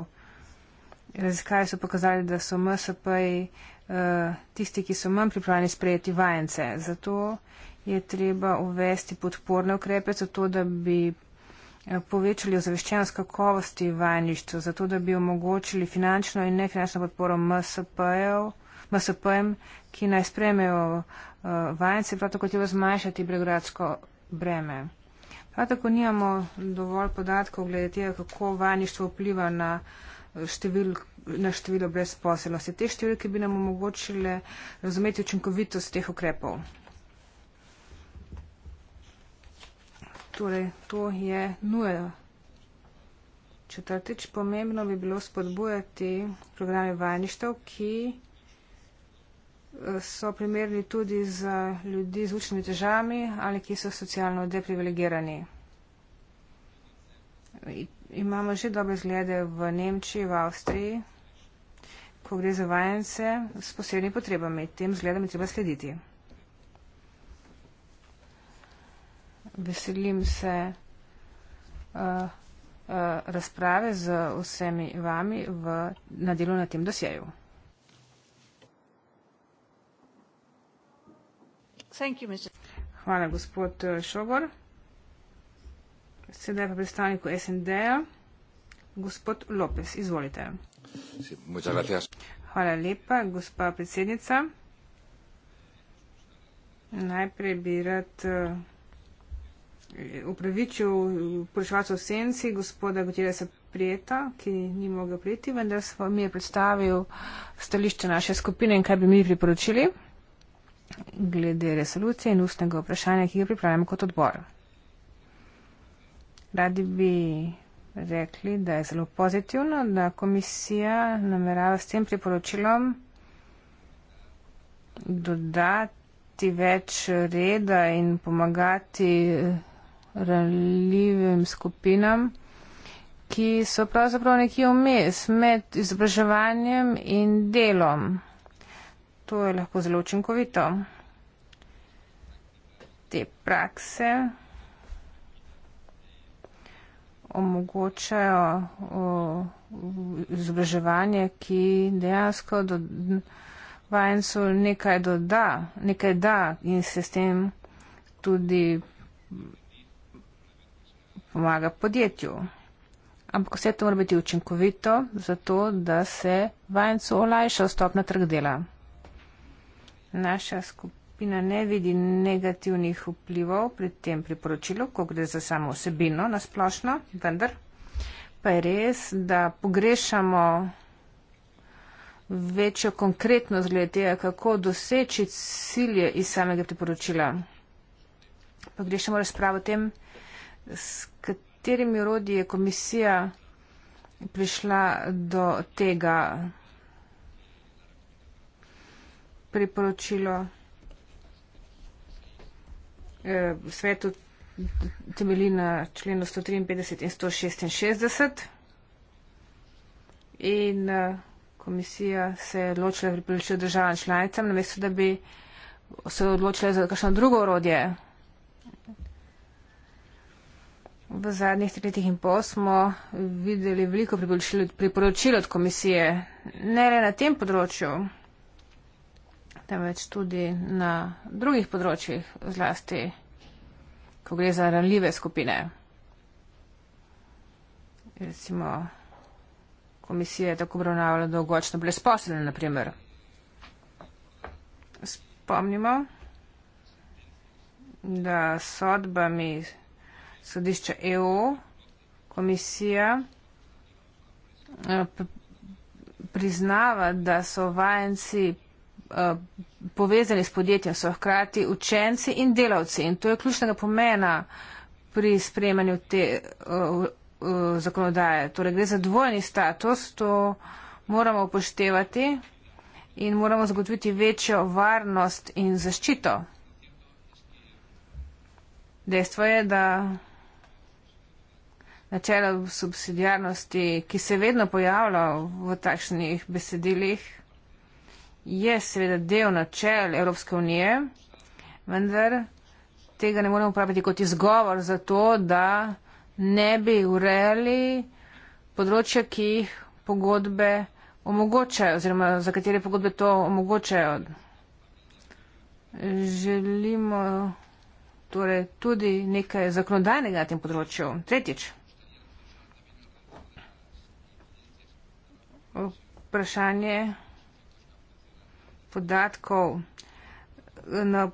Raziskave so pokazali, da so MSP-ji eh, tisti, ki so manj pripravljeni sprejeti vajence. Zato je treba uvesti podporne ukrepe, zato da bi eh, povečali ozaveščenost kakovosti vajništva, zato da bi omogočili finančno in nefinančno podporo MSP-jem, ki naj spremejo vajence, prav tako treba zmanjšati bregradsko breme. Prav tako nimamo dovolj podatkov glede tega, kako vajništvo vpliva na, števil, na število brezposelnosti. Te številke bi nam omogočile razumeti učinkovitost teh ukrepov. Torej, to je nujno. Četrtič, pomembno bi bilo spodbujati programe vajništev, ki so primerni tudi za ljudi z učnimi težavami ali ki so socialno deprivilegirani. Imamo že dobre zglede v Nemčiji, v Avstriji, ko gre za vajence s posebnimi potrebami. Tem zgledom je treba slediti. Veselim se uh, uh, razprave z vsemi vami v, na delu na tem dosjeju. Hvala, gospod eh, Šogor. Sedaj pa predstavniku SND-ja. Gospod Lopes, izvolite. Hvala lepa, gospa predsednica. Najprej bi rad upravičil eh, poročevalcev senci gospoda Gutierreza Prijeta, ki ni mogel priti, vendar mi je predstavil stališče naše skupine in kaj bi mi priporočili glede resolucije in ustnega vprašanja, ki ga pripravljamo kot odbor. Radi bi rekli, da je zelo pozitivno, da komisija namerava s tem priporočilom dodati več reda in pomagati ranljivim skupinam, ki so pravzaprav nekje vmes med izobraževanjem in delom to je lahko zelo učinkovito. Te prakse omogočajo izobraževanje, ki dejansko do vajencu nekaj doda, nekaj da in se s tem tudi pomaga podjetju. Ampak vse to mora biti učinkovito, zato da se vajencu olajša vstop na trg dela naša skupina ne vidi negativnih vplivov pri tem priporočilu, ko gre za samo osebino nasplošno, vendar pa je res, da pogrešamo večjo konkretnost glede tega, kako doseči cilje iz samega priporočila. Pogrešamo razpravo o tem, s katerimi urodji je komisija prišla do tega priporočilo eh, svetu temelji na členu 153 in 166 in eh, komisija se je odločila priporočiti državam članicam, namesto da bi se odločila za kakšno drugo orodje. V zadnjih tretjih in pol smo videli veliko priporočil od komisije, ne le na tem področju temveč tudi na drugih področjih, zlasti, ko gre za ranljive skupine. Recimo, komisija je tako obravnavala dolgočno brezposelne, naprimer. Spomnimo, da sodbami sodišča EU komisija eh, priznava, da so vajenci Eh, povezani s podjetjem, so hkrati učenci in delavci. In to je ključnega pomena pri sprejemanju te uh, uh, zakonodaje. Torej, gre za dvojni status, to moramo upoštevati in moramo zagotoviti večjo varnost in zaščito. Dejstvo je, da načelo subsidijarnosti, ki se vedno pojavlja v takšnih besedilih, je seveda del načel Evropske unije, vendar tega ne moremo praviti kot izgovor za to, da ne bi urejali področja, ki jih pogodbe omogočajo oziroma za katere pogodbe to omogočajo. Želimo torej tudi nekaj zakonodajnega na tem področju. Tretjič. Vprašanje podatkov. Na,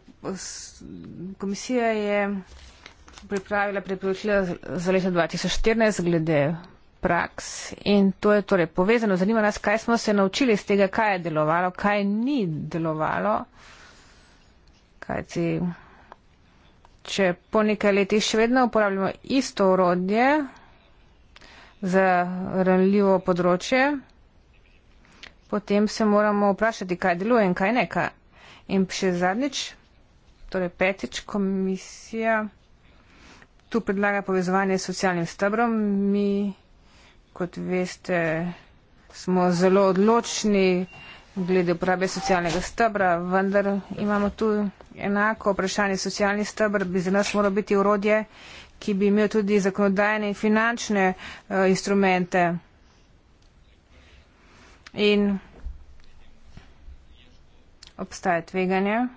komisija je pripravila priporočila za leto 2014 glede praks in to je torej povezano. Zanima nas, kaj smo se naučili iz tega, kaj je delovalo, kaj ni delovalo. Kajci, če po nekaj letih še vedno uporabljamo isto urodje za ranljivo področje potem se moramo vprašati, kaj deluje in kaj ne. Kaj. In še zadnjič, torej petič, komisija tu predlaga povezovanje s socialnim stebrom. Mi, kot veste, smo zelo odločni glede uporabe socialnega stebra, vendar imamo tu enako vprašanje. Socialni stebr bi za nas moral biti urodje, ki bi imel tudi zakonodajne in finančne uh, instrumente. In obstaja tveganje,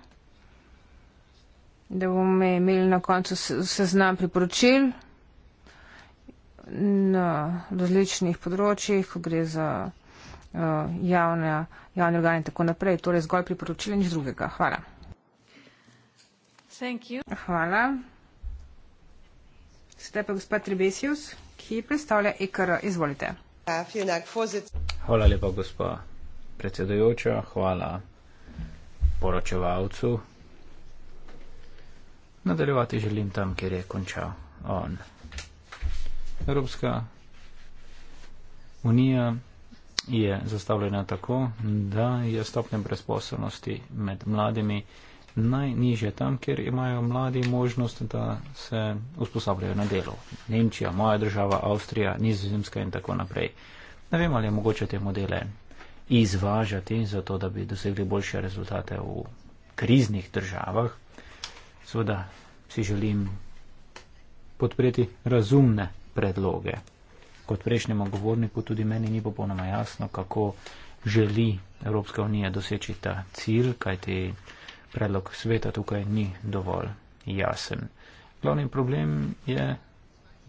da bomo imeli na koncu seznam priporočil na različnih področjih, ko gre za uh, eh, javne, javne organe in tako naprej. Torej zgolj priporočila, nič drugega. Hvala. Hvala. Sedaj pa gospod Tribesius, ki predstavlja IKR. E Izvolite. Hvala lepa, gospa predsedujoča, hvala poročevalcu. Nadaljevati želim tam, kjer je končal on. Evropska unija je zastavljena tako, da je stopnja brezposobnosti med mladimi najniže, tam, kjer imajo mladi možnost, da se usposabljajo na delo. Nemčija, moja država, Avstrija, Nizozemska in tako naprej. Ne vem, ali je mogoče te modele izvažati, zato da bi dosegli boljše rezultate v kriznih državah. Sveda si želim podpreti razumne predloge. Kot prejšnjemu govorniku tudi meni ni popolnoma jasno, kako želi Evropska unija doseči ta cilj, kajti predlog sveta tukaj ni dovolj jasen. Glavni problem je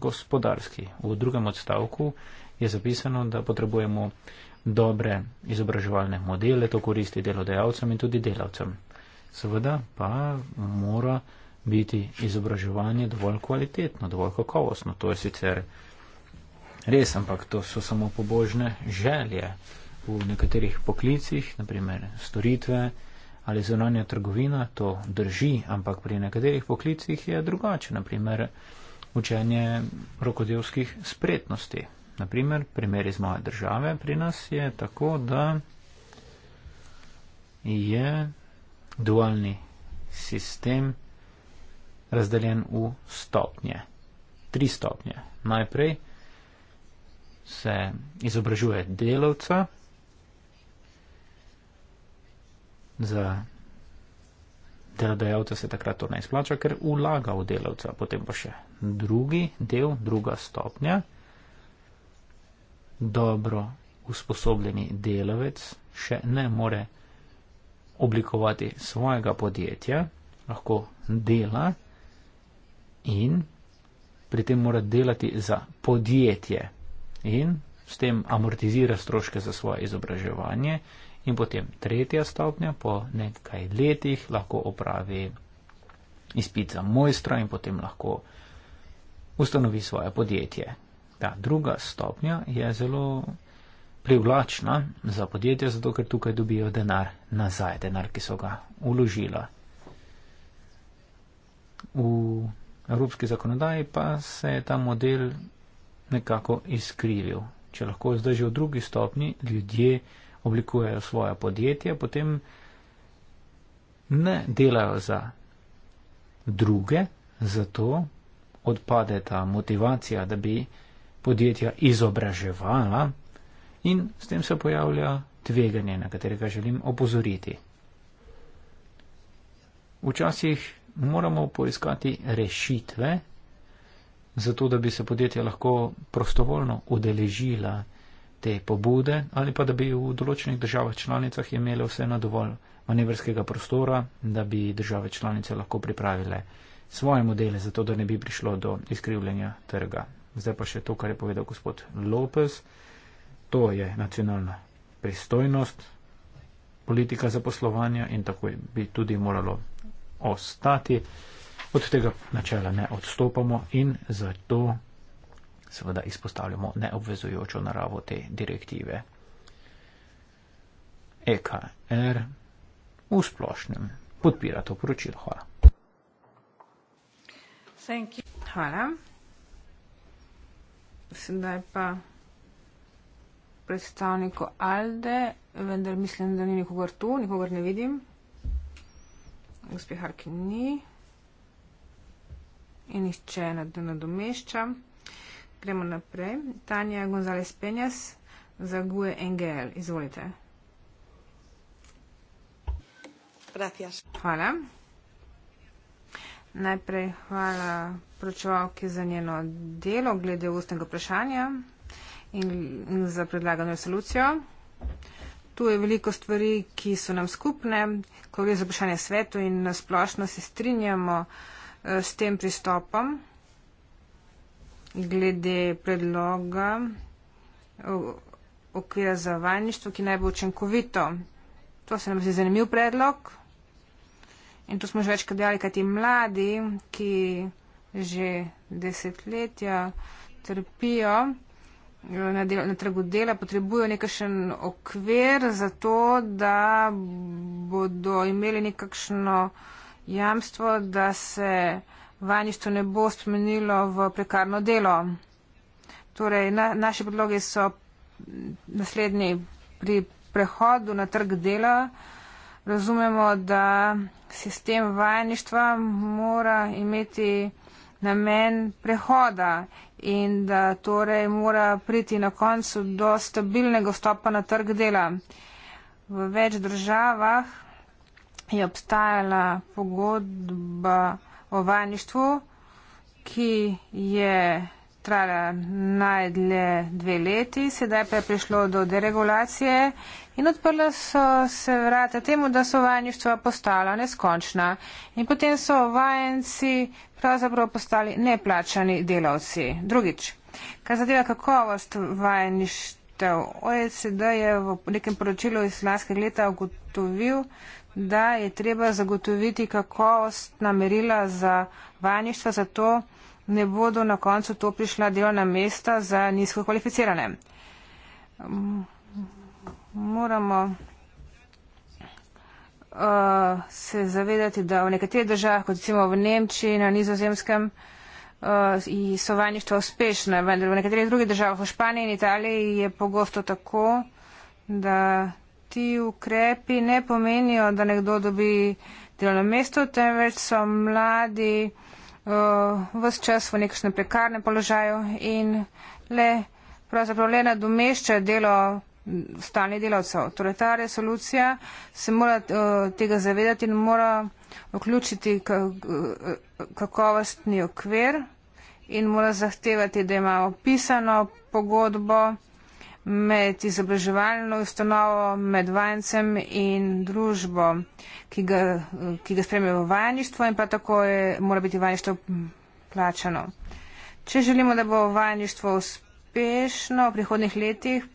gospodarski. V drugem odstavku je zapisano, da potrebujemo dobre izobraževalne modele, to koristi delodajalcem in tudi delavcem. Seveda pa mora biti izobraževanje dovolj kvalitetno, dovolj kakovostno. To je sicer res, ampak to so samo pobožne želje v nekaterih poklicih, naprimer storitve, ali zunanja trgovina, to drži, ampak pri nekaterih poklicih je drugače. Naprimer, učenje rokodelskih spretnosti. Naprimer, primer iz moje države pri nas je tako, da je dualni sistem razdeljen v stopnje. Tri stopnje. Najprej se izobražuje delavca, za delodajalca se takrat to ne izplača, ker vlaga v delavca. Potem pa še drugi del, druga stopnja, dobro usposobljeni delavec še ne more oblikovati svojega podjetja, lahko dela in pri tem mora delati za podjetje in s tem amortizira stroške za svoje izobraževanje In potem tretja stopnja, po nekaj letih lahko opravi izpit za mojstra in potem lahko ustanovi svoje podjetje. Ta druga stopnja je zelo privlačna za podjetje, zato ker tukaj dobijo denar nazaj, denar, ki so ga uložila. V evropski zakonodaji pa se je ta model nekako izkrivil. Če lahko zdaj že v drugi stopnji ljudje oblikujejo svoje podjetje, potem ne delajo za druge, zato odpade ta motivacija, da bi podjetja izobraževala in s tem se pojavlja tveganje, na katerega želim opozoriti. Včasih moramo poiskati rešitve, zato da bi se podjetja lahko prostovoljno udeležila te pobude ali pa da bi v določenih državah članicah imele vseeno dovolj manevrskega prostora, da bi države članice lahko pripravile svoje modele, zato da ne bi prišlo do izkrivljanja trga. Zdaj pa še to, kar je povedal gospod Lopez. To je nacionalna pristojnost, politika zaposlovanja in tako bi tudi moralo ostati. Od tega načela ne odstopamo in zato seveda izpostavljamo neobvezujočo naravo te direktive. EKR v splošnem podpira to poročilo. Hvala. Hvala. Sedaj pa predstavniku Alde, vendar mislim, da ni nikogar tu, nikogar ne vidim. Gospe Harki ni. In nihče ne nadomešča. Na Gremo naprej. Tanja Gonzales Penjas za GUE NGL. Izvolite. Gracias. Hvala. Najprej hvala pročevalki za njeno delo glede ustnega vprašanja in za predlagano resolucijo. Tu je veliko stvari, ki so nam skupne, ko gre za vprašanje svetu in splošno se strinjamo eh, s tem pristopom glede predloga okvira za vajništvo, ki naj bo učinkovito. To se nam zdi zanimiv predlog in to smo že večkrat dejali, kaj ti mladi, ki že desetletja trpijo eh, na, del, na trgu dela, potrebujo nekakšen okvir za to, da bodo imeli nekakšno jamstvo, da se vajništvo ne bo spremenilo v prekarno delo. Torej, na, naše predloge so naslednji pri prehodu na trg dela. Razumemo, da sistem vajništva mora imeti namen prehoda in da torej mora priti na koncu do stabilnega vstopa na trg dela. V več državah je obstajala pogodba o vajništvu, ki je trajala najdlje dve leti, sedaj pa je prišlo do deregulacije in odprla so se vrata temu, da so vajništva postala neskončna. In potem so vajenci pravzaprav postali neplačani delavci. Drugič, kar zadeva kakovost vajništva, OECD je v nekem poročilu iz lanskega leta ugotovil, da je treba zagotoviti kakovostna merila za vanjištvo, zato ne bodo na koncu to prišla delovna mesta za nizko kvalificirane. Moramo uh, se zavedati, da v nekaterih državah, kot recimo v Nemčiji, na nizozemskem, uh, so vanjištva uspešna, vendar v nekaterih drugih državah, v Španiji in Italiji, je pogosto tako, da ti ukrepi ne pomenijo, da nekdo dobi delovno mesto, temveč so mladi uh, vse čas v nekakšnem prekarnem položaju in le, pravzaprav le nadomešča delo stalnih delavcev. Torej ta resolucija se mora uh, tega zavedati in mora vključiti kakovostni okvir in mora zahtevati, da ima opisano pogodbo med izobraževalno ustanovo, med vanjcem in družbo, ki ga, ki ga spremljajo vanjištvo in pa tako je, mora biti vanjištvo plačano. Če želimo, da bo vanjištvo uspešno v prihodnih letih,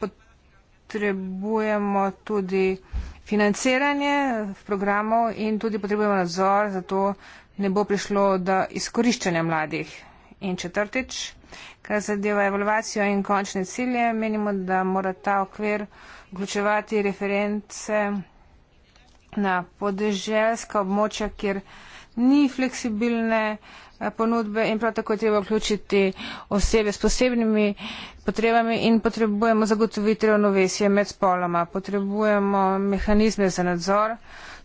potrebujemo tudi financiranje programov in tudi potrebujemo nadzor, zato ne bo prišlo do izkoriščanja mladih. In četrtič, Kar zadeva evaluacijo in končne cilje, menimo, da mora ta okvir vključevati reference na podeželska območja, kjer ni fleksibilne eh, ponudbe in prav tako je treba vključiti osebe s posebnimi potrebami in potrebujemo zagotoviti ravnovesje med spoloma. Potrebujemo mehanizme za nadzor.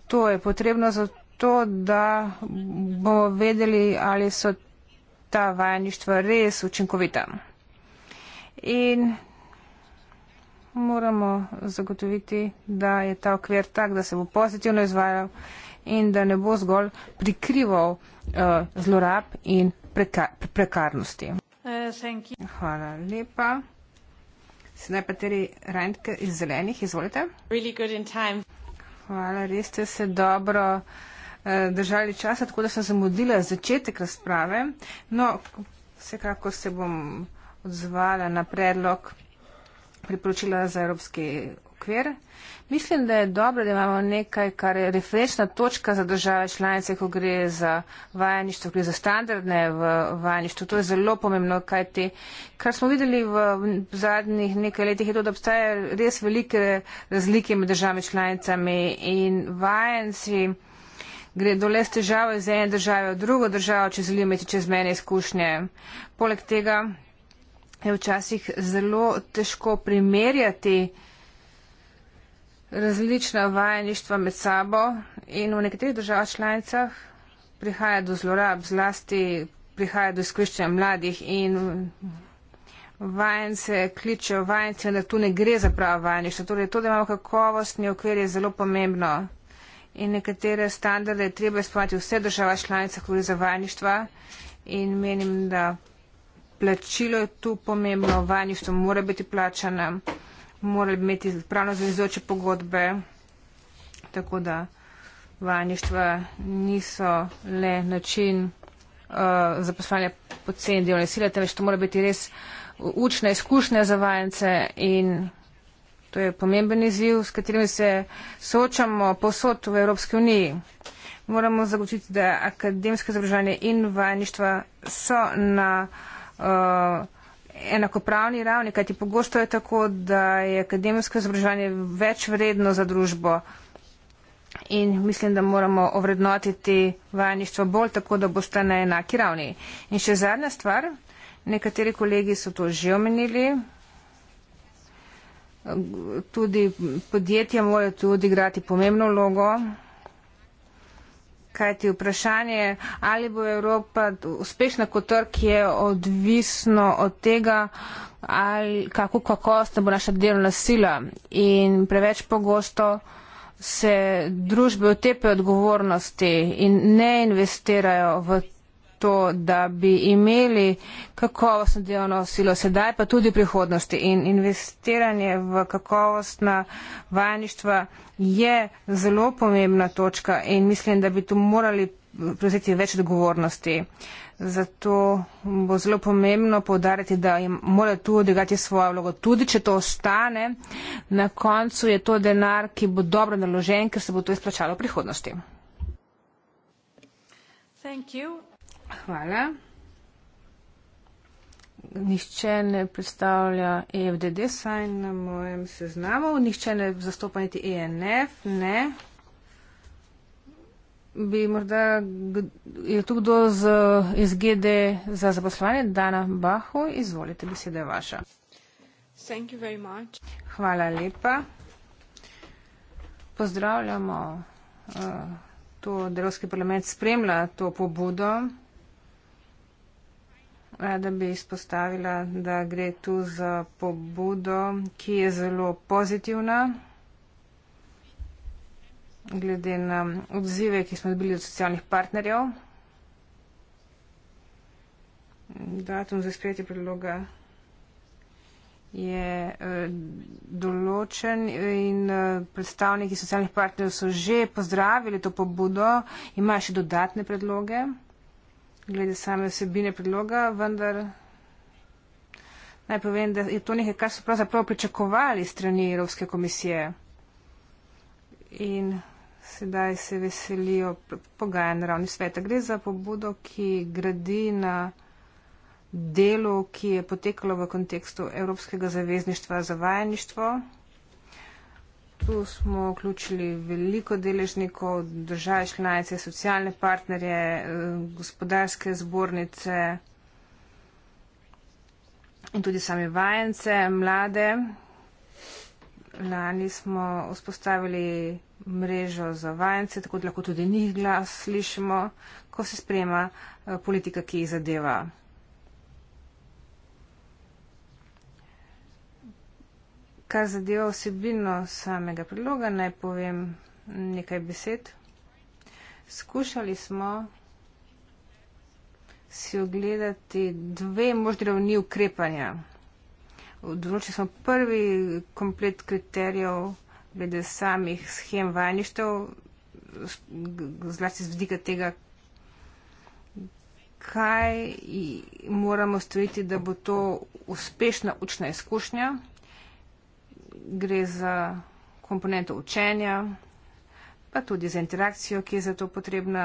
To je potrebno zato, da bomo vedeli, ali so ta vajeništva res učinkovita. In moramo zagotoviti, da je ta okvir tak, da se bo pozitivno izvajal in da ne bo zgolj prikrival uh, zlorab in preka prekarnosti. Uh, Hvala lepa. Sedaj pa tudi Randke iz zelenih, izvolite. Really Hvala, res ste se dobro. Eh, držali časa, tako da sem zamudila začetek razprave. No, vsekakor se bom odzvala na predlog priporočila za evropski okvir. Mislim, da je dobro, da imamo nekaj, kar je referenčna točka za države članice, ko gre za vajeništvo, gre za standardne v vajeništvu. To je zelo pomembno, kaj te. Kar smo videli v zadnjih nekaj letih je to, da obstajajo res velike razlike med državami članicami in vajenci gredo le s težavo iz ene države v drugo državo, če želijo imeti čezmene izkušnje. Poleg tega je včasih zelo težko primerjati različna vajeništva med sabo in v nekaterih državah članicah prihaja do zlorab, zlasti prihaja do izkoriščanja mladih in vajence kličejo vajence, vendar tu ne gre za pravo vajeništvo. Torej, to, da imamo kakovostni okvir, je zelo pomembno in nekatere standarde je treba izpolniti vse država članica, ko gre za vajništva in menim, da plačilo je tu pomembno, vajništvo mora biti plačano, mora imeti pravno zavezujoče pogodbe, tako da vajništva niso le način uh, zaposlovanja poceni delovne sile, temveč to mora biti res eh, učna izkušnja za vajence in To je pomemben izziv, s katerim se soočamo posod v Evropski uniji. Moramo zagotoviti, da akademske izobraževanje in vajništva so na uh, enakopravni ravni, kajti pogosto je tako, da je akademsko izobraževanje več vredno za družbo. In mislim, da moramo ovrednotiti vajništvo bolj tako, da boste na enaki ravni. In še zadnja stvar, nekateri kolegi so to že omenili tudi podjetja morajo tu odigrati pomembno vlogo. Kaj ti vprašanje, ali bo Evropa uspešna kot trg, je odvisno od tega, ali, kako kakostna bo naša delovna sila. In preveč pogosto se družbe otepe odgovornosti in ne investirajo v to, da bi imeli kakovostno delovno silo sedaj, pa tudi v prihodnosti. In investiranje v kakovostna vajništva je zelo pomembna točka in mislim, da bi tu morali prevzeti več odgovornosti. Zato bo zelo pomembno povdariti, da mora tu odigrati svojo vlogo. Tudi, če to ostane, na koncu je to denar, ki bo dobro naložen, ker se bo to izplačalo v prihodnosti. Thank you. Hvala. Nihče ne predstavlja EFDD, saj na mojem seznamu. Nihče ne zastopa niti ENF, ne. Bi morda, je tu kdo z, iz GD za zaposlovanje? Dana Bahu, izvolite, beseda je vaša. Hvala lepa. Pozdravljamo, uh, to delovski parlament spremlja to pobudo rada bi izpostavila, da gre tu za pobudo, ki je zelo pozitivna. Glede na odzive, ki smo dobili od socialnih partnerjev. Datum za sprejetje predloga je eh, določen in eh, predstavniki socialnih partnerjev so že pozdravili to pobudo, imajo še dodatne predloge glede same vsebine predloga, vendar naj povem, da je to nekaj, kar so pravzaprav pričakovali strani Evropske komisije. In sedaj se veselijo pogajanj na ravni sveta. Gre za pobudo, ki gradi na delu, ki je potekalo v kontekstu Evropskega zavezništva za vajeništvo bistvu smo vključili veliko deležnikov, države članice, socialne partnerje, eh, gospodarske zbornice in tudi same vajence, mlade. Lani smo vzpostavili mrežo za vajence, tako da lahko tudi njih glas slišimo, ko se sprema eh, politika, ki jih zadeva. Kar zadeva vsebino samega priloga, naj povem nekaj besed. Skušali smo si ogledati dve možne ravni ukrepanja. Odločili smo prvi komplet kriterijev glede samih schem vajništev, zlasti z vidika tega, kaj moramo storiti, da bo to uspešna učna izkušnja gre za komponento učenja, pa tudi za interakcijo, ki je za to potrebna,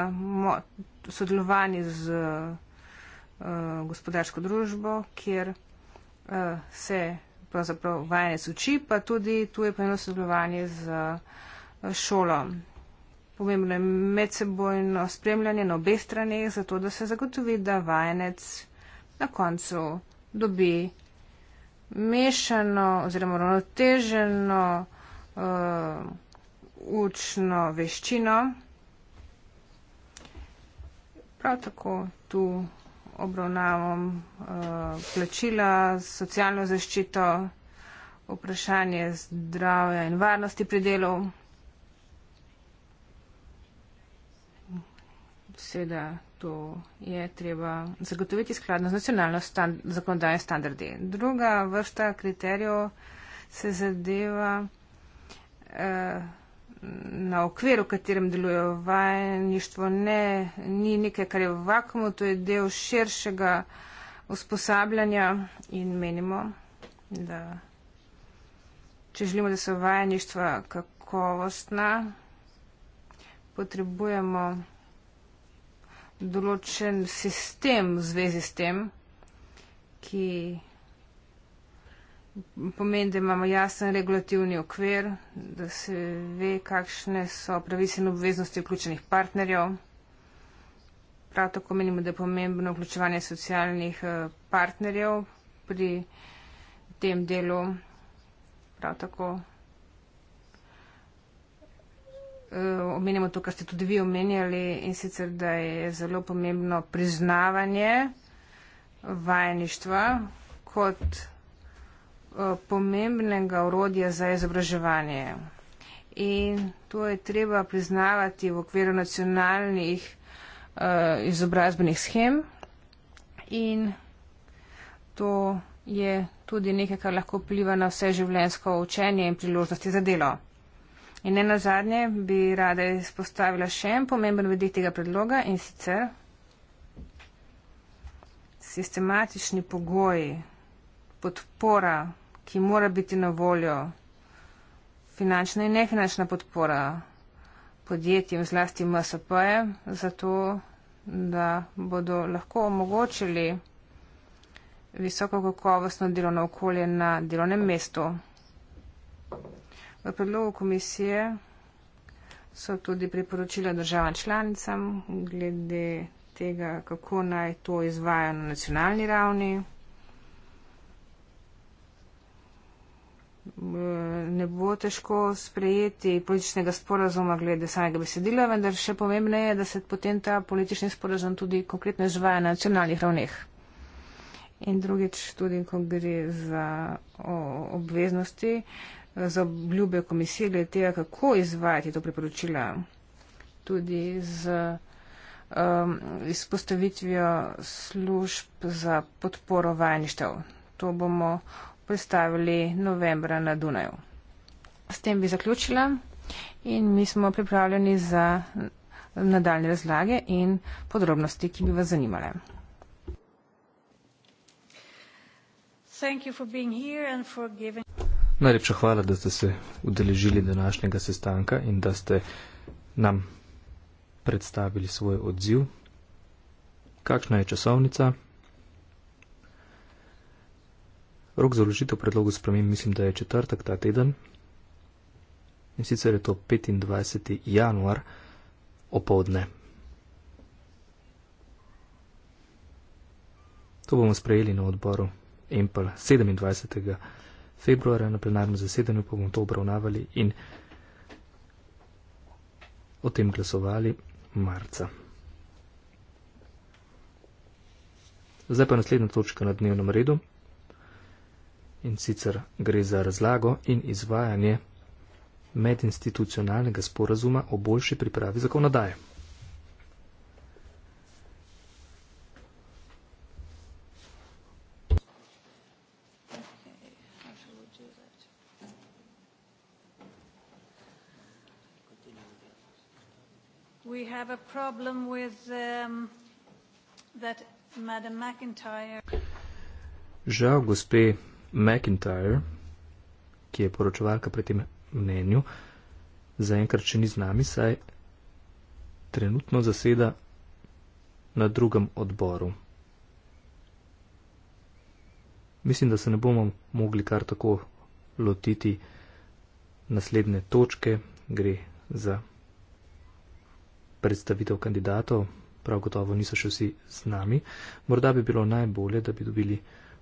sodelovanje z uh, gospodarsko družbo, kjer uh, se pravzaprav vajenec uči, pa tudi tu je pomembno sodelovanje z uh, šolo. Pomembno je medsebojno spremljanje na obeh straneh, zato da se zagotovi, da vajenec na koncu dobi mešano oziroma uravnoteženo uh, učno veščino. Prav tako tu obravnavam uh, plačila, socialno zaščito, vprašanje zdravja in varnosti pri delu. Seveda to je treba zagotoviti skladno z nacionalno stand, zakonodajo standardi. Druga vrsta kriterijev se zadeva eh, na okviru, v katerem deluje vajništvo, ne, ni nekaj, kar je v vakumu, to je del širšega usposabljanja in menimo, da če želimo, da so vajništva kakovostna, potrebujemo določen sistem v zvezi s tem, ki pomeni, da imamo jasen regulativni okvir, da se ve, kakšne so pravice in obveznosti vključenih partnerjev. Prav tako menimo, da je pomembno vključevanje socialnih eh, partnerjev pri tem delu. Prav tako omenimo to, kar ste tudi vi omenjali in sicer, da je zelo pomembno priznavanje vajeništva kot eh, pomembnega urodja za izobraževanje. In to je treba priznavati v okviru nacionalnih eh, izobrazbenih schem in to je tudi nekaj, kar lahko pliva na vse življensko učenje in priložnosti za delo. In ena zadnje bi rada izpostavila še en pomemben vedik tega predloga in sicer sistematični pogoji, podpora, ki mora biti na voljo, finančna in nefinančna podpora podjetjem, zlasti MSP-je, zato, da bodo lahko omogočili visoko kakovostno delovno okolje na delovnem mestu. V predlogu komisije so tudi priporočila državam članicam glede tega, kako naj to izvajo na nacionalni ravni. Ne bo težko sprejeti političnega sporazuma glede samega besedila, vendar še pomembneje je, da se potem ta politični sporazum tudi konkretno izvaja na nacionalnih ravneh. In drugič, tudi ko gre za obveznosti, za obljube komisije glede tega, kako izvajati to priporočila, tudi z um, izpostavitvijo služb za podporo vajništev. To bomo predstavili novembra na Dunaju. S tem bi zaključila in mi smo pripravljeni za nadaljne razlage in podrobnosti, ki bi vas zanimale. Thank you for being here and for giving. Najlepša hvala, da ste se udeležili današnjega sestanka in da ste nam predstavili svoj odziv. Kakšna je časovnica? Rok za vložitev predlogu spremem mislim, da je četrtek ta teden. In sicer je to 25. januar opovdne. To bomo sprejeli na odboru Empel 27. januar februarja na plenarnem zasedanju, pa bomo to obravnavali in o tem glasovali marca. Zdaj pa naslednja točka na dnevnem redu in sicer gre za razlago in izvajanje medinstitucionalnega sporazuma o boljši pripravi zakonodaje. problem with um, that Madam McIntyre. Žal gospe McIntyre, ki je poročevalka pri tem mnenju, zaenkrat še ni z nami, saj trenutno zaseda na drugem odboru. Mislim, da se ne bomo mogli kar tako lotiti naslednje točke, gre za predstavitev kandidatov, prav gotovo niso še vsi z nami. Morda bi bilo najbolje, da bi dobili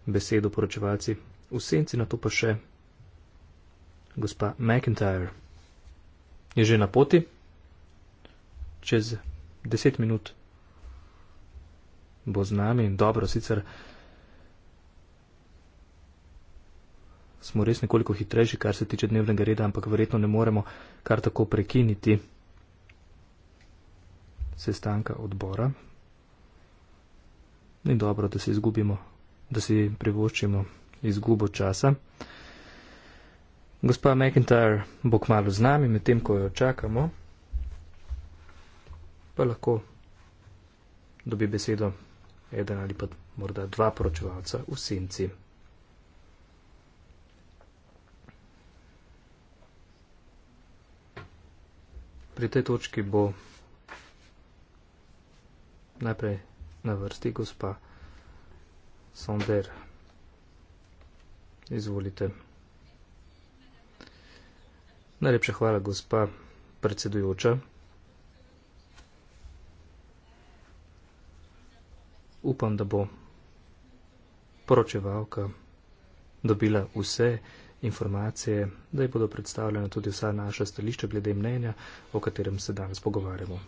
besedo poročevalci. V senci na to pa še gospa McIntyre. Je že na poti? Čez deset minut bo z nami. Dobro, sicer smo res nekoliko hitrejši, kar se tiče dnevnega reda, ampak verjetno ne moremo kar tako prekiniti sestanka odbora. Ni dobro, da si izgubimo, da si privoščimo izgubo časa. Gospa McIntyre bo kmalo z nami, medtem ko jo čakamo, pa lahko dobi besedo eden ali pa morda dva poročevalca v senci. Pri tej točki bo najprej na vrsti gospa Sonder. Izvolite. Najlepša hvala, gospa predsedujoča. Upam, da bo poročevalka dobila vse informacije, da ji bodo predstavljena tudi vsa naša stališča glede mnenja, o katerem se danes pogovarjamo.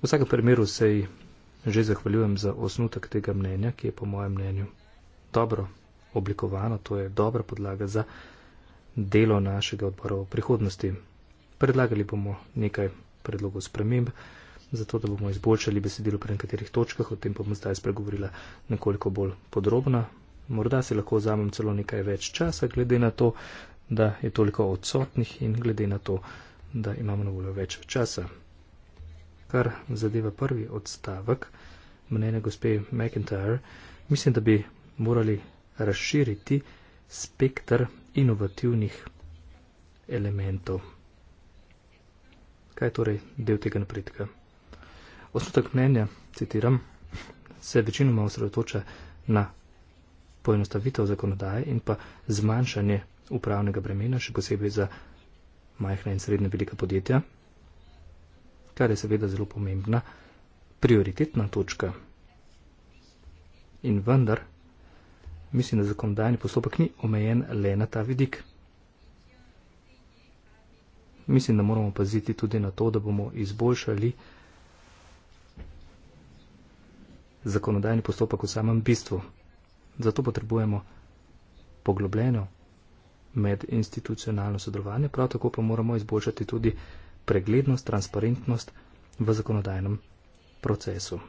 V vsakem primeru se ji že zahvaljujem za osnutek tega mnenja, ki je po mojem mnenju dobro oblikovano, to je dobra podlaga za delo našega odbora v prihodnosti. Predlagali bomo nekaj predlogov sprememb, zato da bomo izboljšali besedilo pri nekaterih točkah, o tem bom zdaj spregovorila nekoliko bolj podrobno. Morda si lahko vzamem celo nekaj več časa, glede na to, da je toliko odsotnih in glede na to, da imamo na voljo več časa. Kar zadeva prvi odstavek mnenja gospe McIntyre, mislim, da bi morali razširiti spektr inovativnih elementov. Kaj je torej del tega napredka? Osnutek mnenja, citiram, se večinoma osredotoča na poenostavitev zakonodaje in pa zmanjšanje upravnega bremena, še posebej za majhna in srednja velika podjetja, kar je seveda zelo pomembna, prioritetna točka. In vendar, mislim, da zakonodajni postopek ni omejen le na ta vidik. Mislim, da moramo paziti tudi na to, da bomo izboljšali zakonodajni postopek v samem bistvu. Zato potrebujemo poglobljeno medinstitucionalno sodelovanje, prav tako pa moramo izboljšati tudi preglednost, transparentnost v zakonodajnem procesu.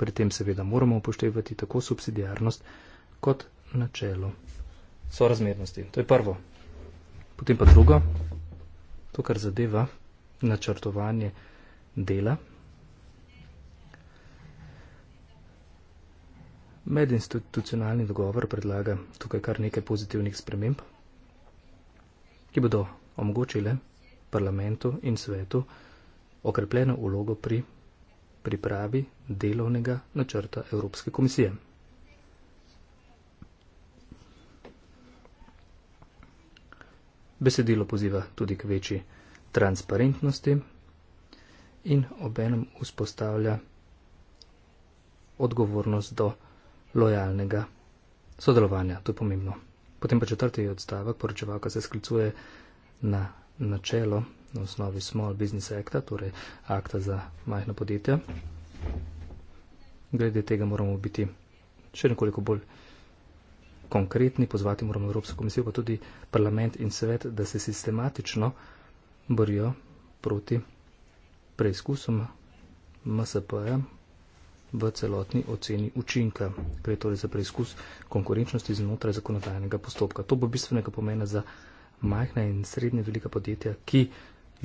Pri tem seveda moramo upoštevati tako subsidijarnost kot načelo sorazmernosti. To je prvo. Potem pa drugo, to, kar zadeva načrtovanje dela. Medinstitucionalni dogovor predlaga tukaj kar nekaj pozitivnih sprememb, ki bodo omogočile parlamentu in svetu okrepljeno vlogo pri pripravi delovnega načrta Evropske komisije. Besedilo poziva tudi k večji transparentnosti in obenem vzpostavlja odgovornost do lojalnega sodelovanja. To je pomembno. Potem pa četrti odstavek poročevalka se sklicuje na načelo na osnovi Small Business Acta, torej akta za majhna podjetja. Glede tega moramo biti še nekoliko bolj konkretni, pozvati moramo Evropsko komisijo, pa tudi parlament in svet, da se sistematično borijo proti preizkusom MSP-ja v celotni oceni učinka. Gre torej za preizkus konkurenčnosti znotraj zakonodajnega postopka. To bo bistvenega pomena za majhna in srednje velika podjetja, ki,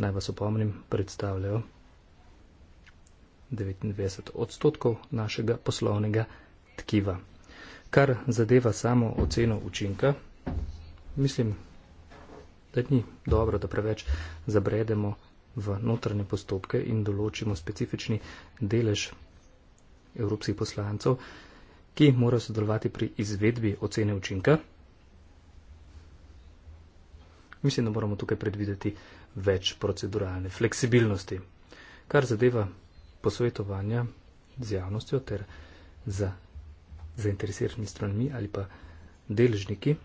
naj vas opomnim, predstavljajo 99 odstotkov našega poslovnega tkiva. Kar zadeva samo oceno učinka, mislim, da ni dobro, da preveč zabredemo v notranje postopke in določimo specifični delež evropskih poslancev, ki morajo sodelovati pri izvedbi ocene učinka mislim, da moramo tukaj predvideti več proceduralne fleksibilnosti. Kar zadeva posvetovanja z javnostjo ter za zainteresiranimi stranmi ali pa deležniki,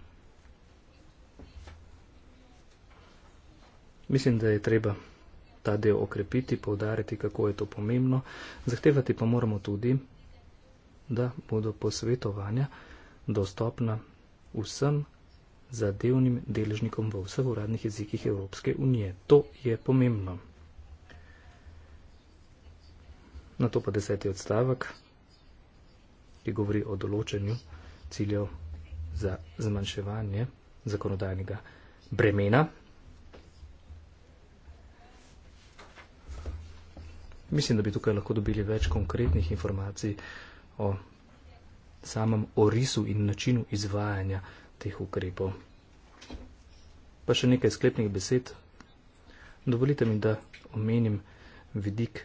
mislim, da je treba ta del okrepiti, povdariti, kako je to pomembno. Zahtevati pa moramo tudi, da bodo posvetovanja dostopna vsem, zadevnim deležnikom v vseh uradnih jezikih Evropske unije. To je pomembno. Na to pa deseti odstavek, ki govori o določenju ciljev za zmanjševanje zakonodajnega bremena. Mislim, da bi tukaj lahko dobili več konkretnih informacij o samem orisu in načinu izvajanja teh ukrepov. Pa še nekaj sklepnih besed. Dovolite mi, da omenim vidik,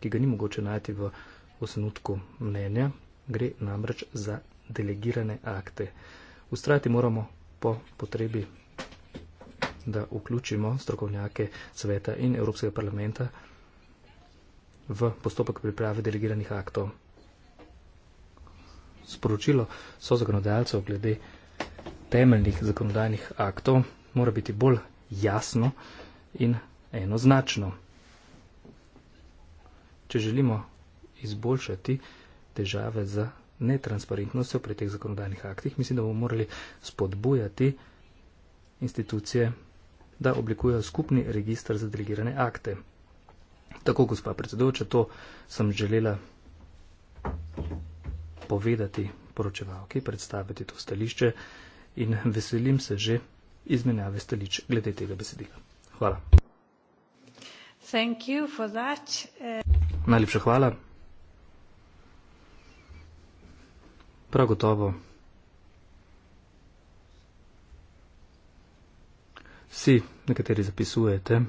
ki ga ni mogoče najti v osnutku mnenja. Gre namreč za delegirane akte. Ustrajati moramo po potrebi, da vključimo strokovnjake sveta in Evropskega parlamenta v postopek priprave delegiranih aktov sporočilo so zakonodajalcev glede temeljnih zakonodajnih aktov mora biti bolj jasno in enoznačno. Če želimo izboljšati težave za netransparentnostjo pri teh zakonodajnih aktih, mislim, da bomo morali spodbujati institucije, da oblikujejo skupni registr za delegirane akte. Tako, gospa predsedujoča, to sem želela povedati poročevalki, predstaviti to stališče in veselim se že izmenjave stališč glede tega besedila. Hvala. Thank you for that. Najlepša hvala. Prav gotovo. Vsi, nekateri zapisujete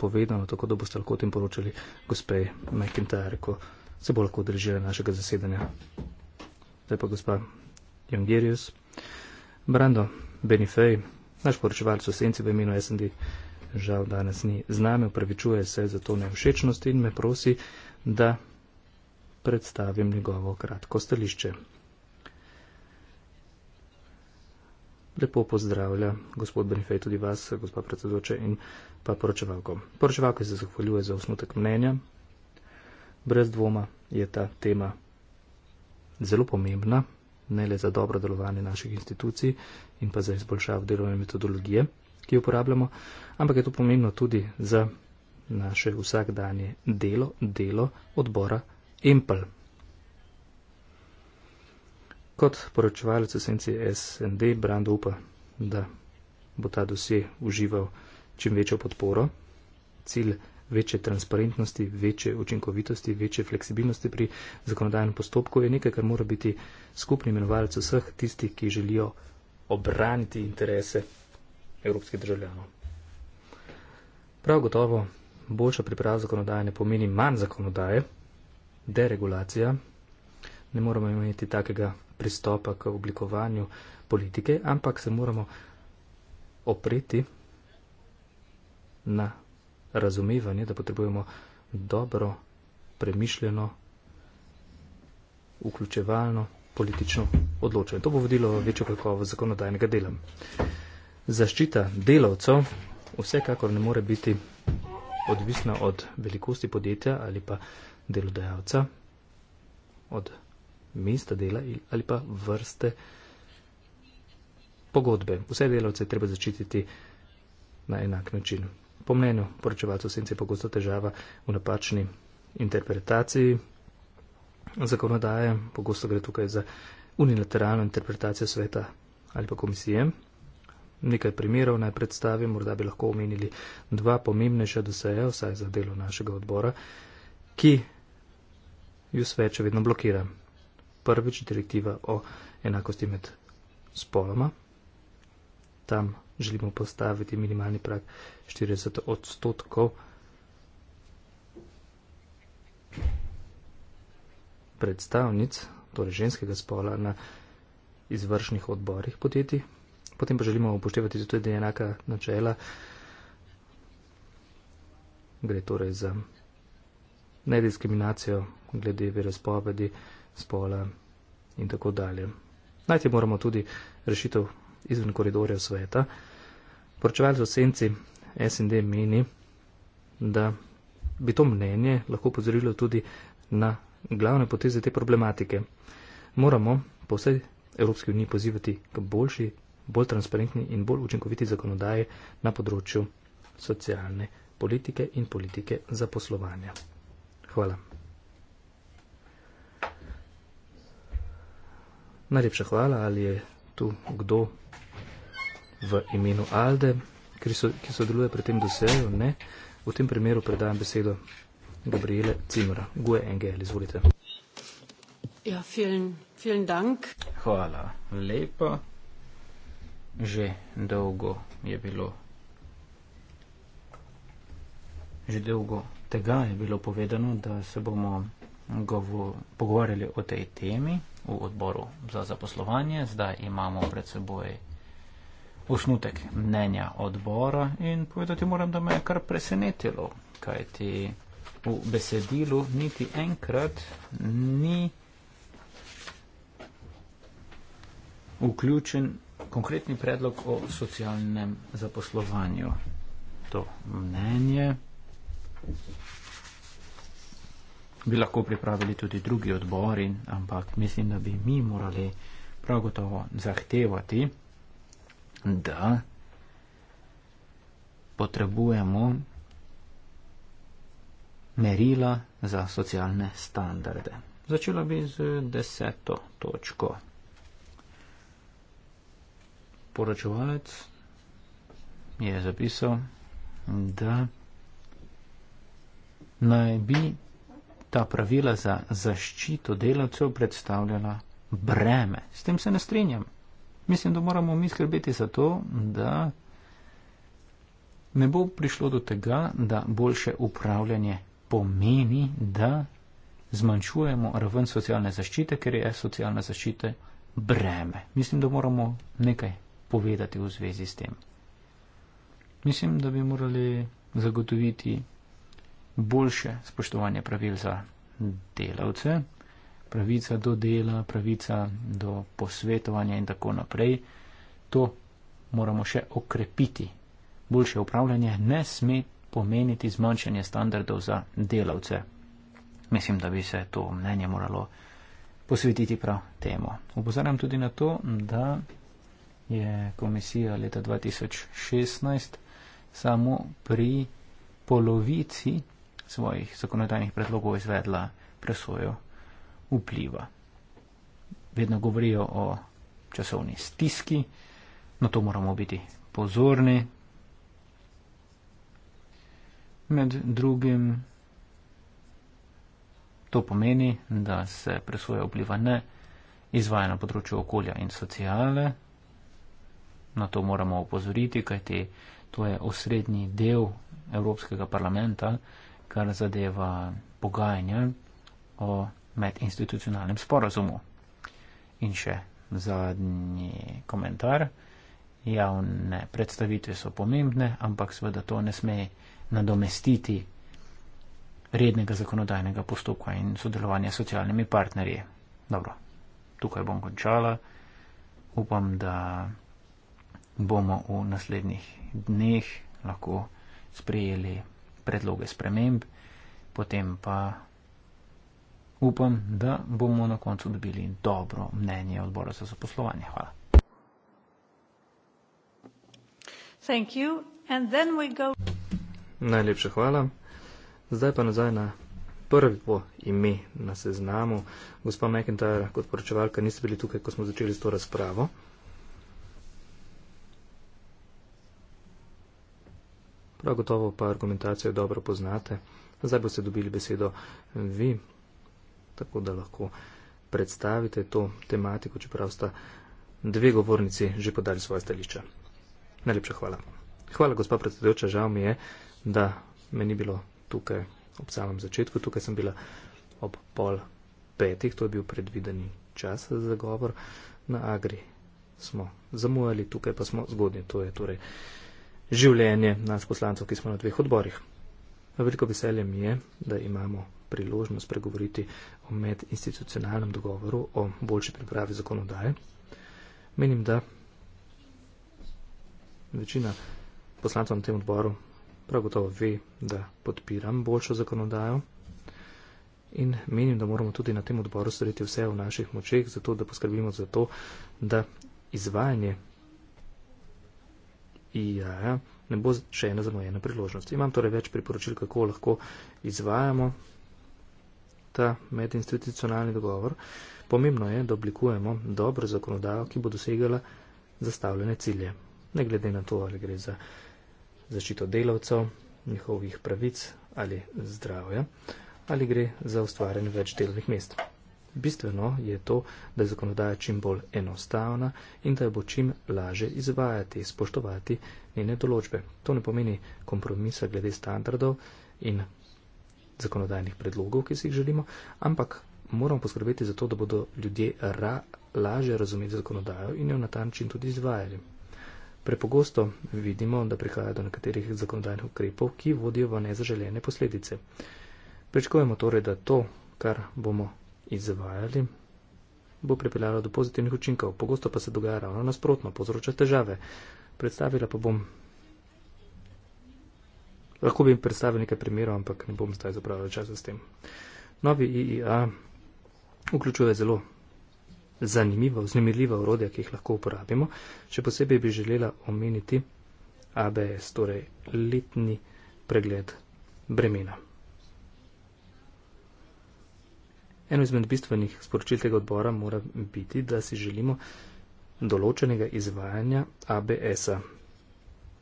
povedano, tako da boste lahko o tem poročali gospej McIntyre, ko se bo lahko držila našega zasedanja. Zdaj pa gospa Jongerius, Brando Benifej, naš poročevalc v senci v imenu SND, žal danes ni z nami, upravičuje se za to nevšečnost in me prosi, da predstavim njegovo kratko stališče. Lepo pozdravlja gospod Benifej tudi vas, gospod predsedoče in pa poročevalko. Poročevalko se zahvaljuje za osnutek mnenja, Brez dvoma je ta tema zelo pomembna, ne le za dobro delovanje naših institucij in pa za izboljšav delovne metodologije, ki jo uporabljamo, ampak je to pomembno tudi za naše vsakdanje delo, delo odbora EMPL. Kot poročevalec esenci SND Brando upa, da bo ta dosje užival čim večjo podporo. Cilj večje transparentnosti, večje učinkovitosti, večje fleksibilnosti pri zakonodajnem postopku, je nekaj, kar mora biti skupni imenovalec vseh tistih, ki želijo obraniti interese evropskih državljanov. Prav gotovo boljša priprava zakonodaje ne pomeni manj zakonodaje, deregulacija, ne moramo imeti takega pristopa k oblikovanju politike, ampak se moramo opreti na razumevanje, da potrebujemo dobro, premišljeno, vključevalno politično odločanje. To bo vodilo večjo kakovost zakonodajnega dela. Zaščita delavcev vsekakor ne more biti odvisna od velikosti podjetja ali pa delodajalca, od mesta dela ali pa vrste pogodbe. Vse delavce treba začititi na enak način. Po mnenju poročevalcev senc je pogosto težava v napačni interpretaciji zakonodaje, pogosto gre tukaj za unilateralno interpretacijo sveta ali pa komisije. Nekaj primerov naj predstavim, morda bi lahko omenili dva pomembnejša doseja, vsaj za delo našega odbora, ki ju sveče vedno blokira. Prvič direktiva o enakosti med spoloma. Tam želimo postaviti minimalni prag 40 odstotkov predstavnic, torej ženskega spola, na izvršnih odborih podjetij. Potem pa želimo upoštevati tudi enaka načela. Gre torej za nediskriminacijo glede verospovedi, spola in tako dalje. Najti moramo tudi rešitev izven koridorjev sveta. Poročevalec o senci SND meni, da bi to mnenje lahko pozorilo tudi na glavne poteze te problematike. Moramo po vsej Evropski uniji pozivati k boljši, bolj transparentni in bolj učinkoviti zakonodaji na področju socialne politike in politike zaposlovanja. Hvala. Najlepša hvala ali je tu kdo v imenu Alde, ki sodeluje so pri tem doseju, ne. V tem primeru predajam besedo Gabriele Cimra. Guje Engel, izvolite. Ja, vielen, vielen Dank. Hvala lepa. Že dolgo je bilo. Že dolgo tega je bilo povedano, da se bomo govo, pogovarjali o tej temi v odboru za zaposlovanje. Zdaj imamo pred seboj osnutek mnenja odbora in povedati moram, da me je kar presenetilo, kajti v besedilu niti enkrat ni vključen konkretni predlog o socialnem zaposlovanju. To mnenje bi lahko pripravili tudi drugi odbori, ampak mislim, da bi mi morali prav gotovo zahtevati, da potrebujemo merila za socialne standarde. Začela bi z deseto točko. Poročevalec je zapisal, da naj bi ta pravila za zaščito delavcev predstavljala breme. S tem se ne strinjam. Mislim, da moramo mi skrbeti za to, da ne bo prišlo do tega, da boljše upravljanje pomeni, da zmanjšujemo raven socialne zaščite, ker je socialna zaščita breme. Mislim, da moramo nekaj povedati v zvezi s tem. Mislim, da bi morali zagotoviti boljše spoštovanje pravil za delavce, pravica do dela, pravica do posvetovanja in tako naprej. To moramo še okrepiti. Boljše upravljanje ne sme pomeniti zmanjšanje standardov za delavce. Mislim, da bi se to mnenje moralo posvetiti prav temu. Upozorjam tudi na to, da je komisija leta 2016 samo pri polovici svojih zakonodajnih predlogov izvedla presojo vpliva. Vedno govorijo o časovni stiski, na to moramo biti pozorni. Med drugim to pomeni, da se presoja vpliva ne izvaja na področju okolja in sociale. Na to moramo opozoriti, kajti to je osrednji del Evropskega parlamenta, kar zadeva pogajanja o medinstitucionalnem sporazumu. In še zadnji komentar. Javne predstavitve so pomembne, ampak seveda to ne sme nadomestiti rednega zakonodajnega postopka in sodelovanja s socialnimi partnerji. Dobro, tukaj bom končala. Upam, da bomo v naslednjih dneh lahko sprejeli predloge sprememb, potem pa upam, da bomo na koncu dobili dobro mnenje odbora za zaposlovanje. Hvala. Thank you. And then we go... Najlepša hvala. Zdaj pa nazaj na prvo ime na seznamu. Gospa McIntyre, kot poročevalka, niste bili tukaj, ko smo začeli s to razpravo. Prav gotovo pa argumentacijo dobro poznate. Zdaj boste dobili besedo vi, tako da lahko predstavite to tematiko, čeprav sta dve govornici že podali svoje stališče. Najlepša hvala. Hvala, gospa predsedujoča. Žal mi je, da me ni bilo tukaj ob samem začetku. Tukaj sem bila ob pol petih, to je bil predvideni čas za govor. Na Agri smo zamujali, tukaj pa smo zgodnji. To je torej življenje nas poslancev, ki smo na dveh odborih. Veliko veselje mi je, da imamo priložnost pregovoriti o medinstitucionalnem dogovoru o boljši pripravi zakonodaje. Menim, da večina poslancev na tem odboru prav gotovo ve, da podpiram boljšo zakonodajo in menim, da moramo tudi na tem odboru storiti vse v naših močeh, zato da poskrbimo za to, da izvajanje IA, ja, ne bo še ena zamujena priložnost. Imam torej več priporočil, kako lahko izvajamo ta medinstitucionalni dogovor. Pomembno je, da oblikujemo dobro zakonodajo, ki bo dosegala zastavljene cilje. Ne glede na to, ali gre za zaščito delavcev, njihovih pravic ali zdravja, ali gre za ustvarjanje več delovnih mest. Bistveno je to, da je zakonodaja čim bolj enostavna in da jo bo čim laže izvajati, spoštovati njene določbe. To ne pomeni kompromisa glede standardov in zakonodajnih predlogov, ki si jih želimo, ampak moramo poskrbeti za to, da bodo ljudje ra, laže razumeti zakonodajo in jo na ta način tudi izvajali. Prepogosto vidimo, da prihaja do nekaterih zakonodajnih ukrepov, ki vodijo v nezaželene posledice. Pričakujemo torej, da to, kar bomo izvajali, bo pripeljalo do pozitivnih učinkov. Pogosto pa se dogaja ravno nasprotno, povzroča težave. Predstavila pa bom. Lahko bi jim predstavil nekaj primerov, ampak ne bom zdaj zapravljal časa s tem. Novi IIA e vključuje zelo zanimiva, vznemirljiva urodja, ki jih lahko uporabimo. Še posebej bi želela omeniti ABS, torej letni pregled bremena. Eno izmed bistvenih sporočil tega odbora mora biti, da si želimo določenega izvajanja ABS-a.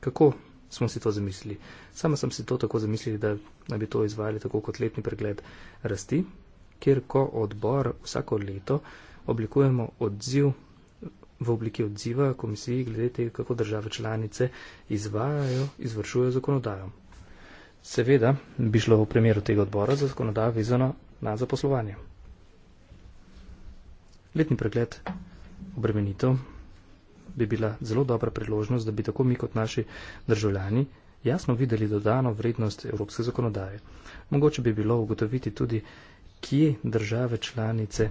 Kako smo si to zamislili? Sama sem si to tako zamislili, da naj bi to izvajali tako kot letni pregled rasti, kjer ko odbor vsako leto oblikujemo odziv v obliki odziva komisiji glede tega, kako države članice izvajajo, izvršujejo zakonodajo. Seveda bi šlo v primeru tega odbora za zakonodajo vizano na zaposlovanje. Letni pregled obremenitev bi bila zelo dobra priložnost, da bi tako mi kot naši državljani jasno videli dodano vrednost evropske zakonodaje. Mogoče bi bilo ugotoviti tudi, kje države članice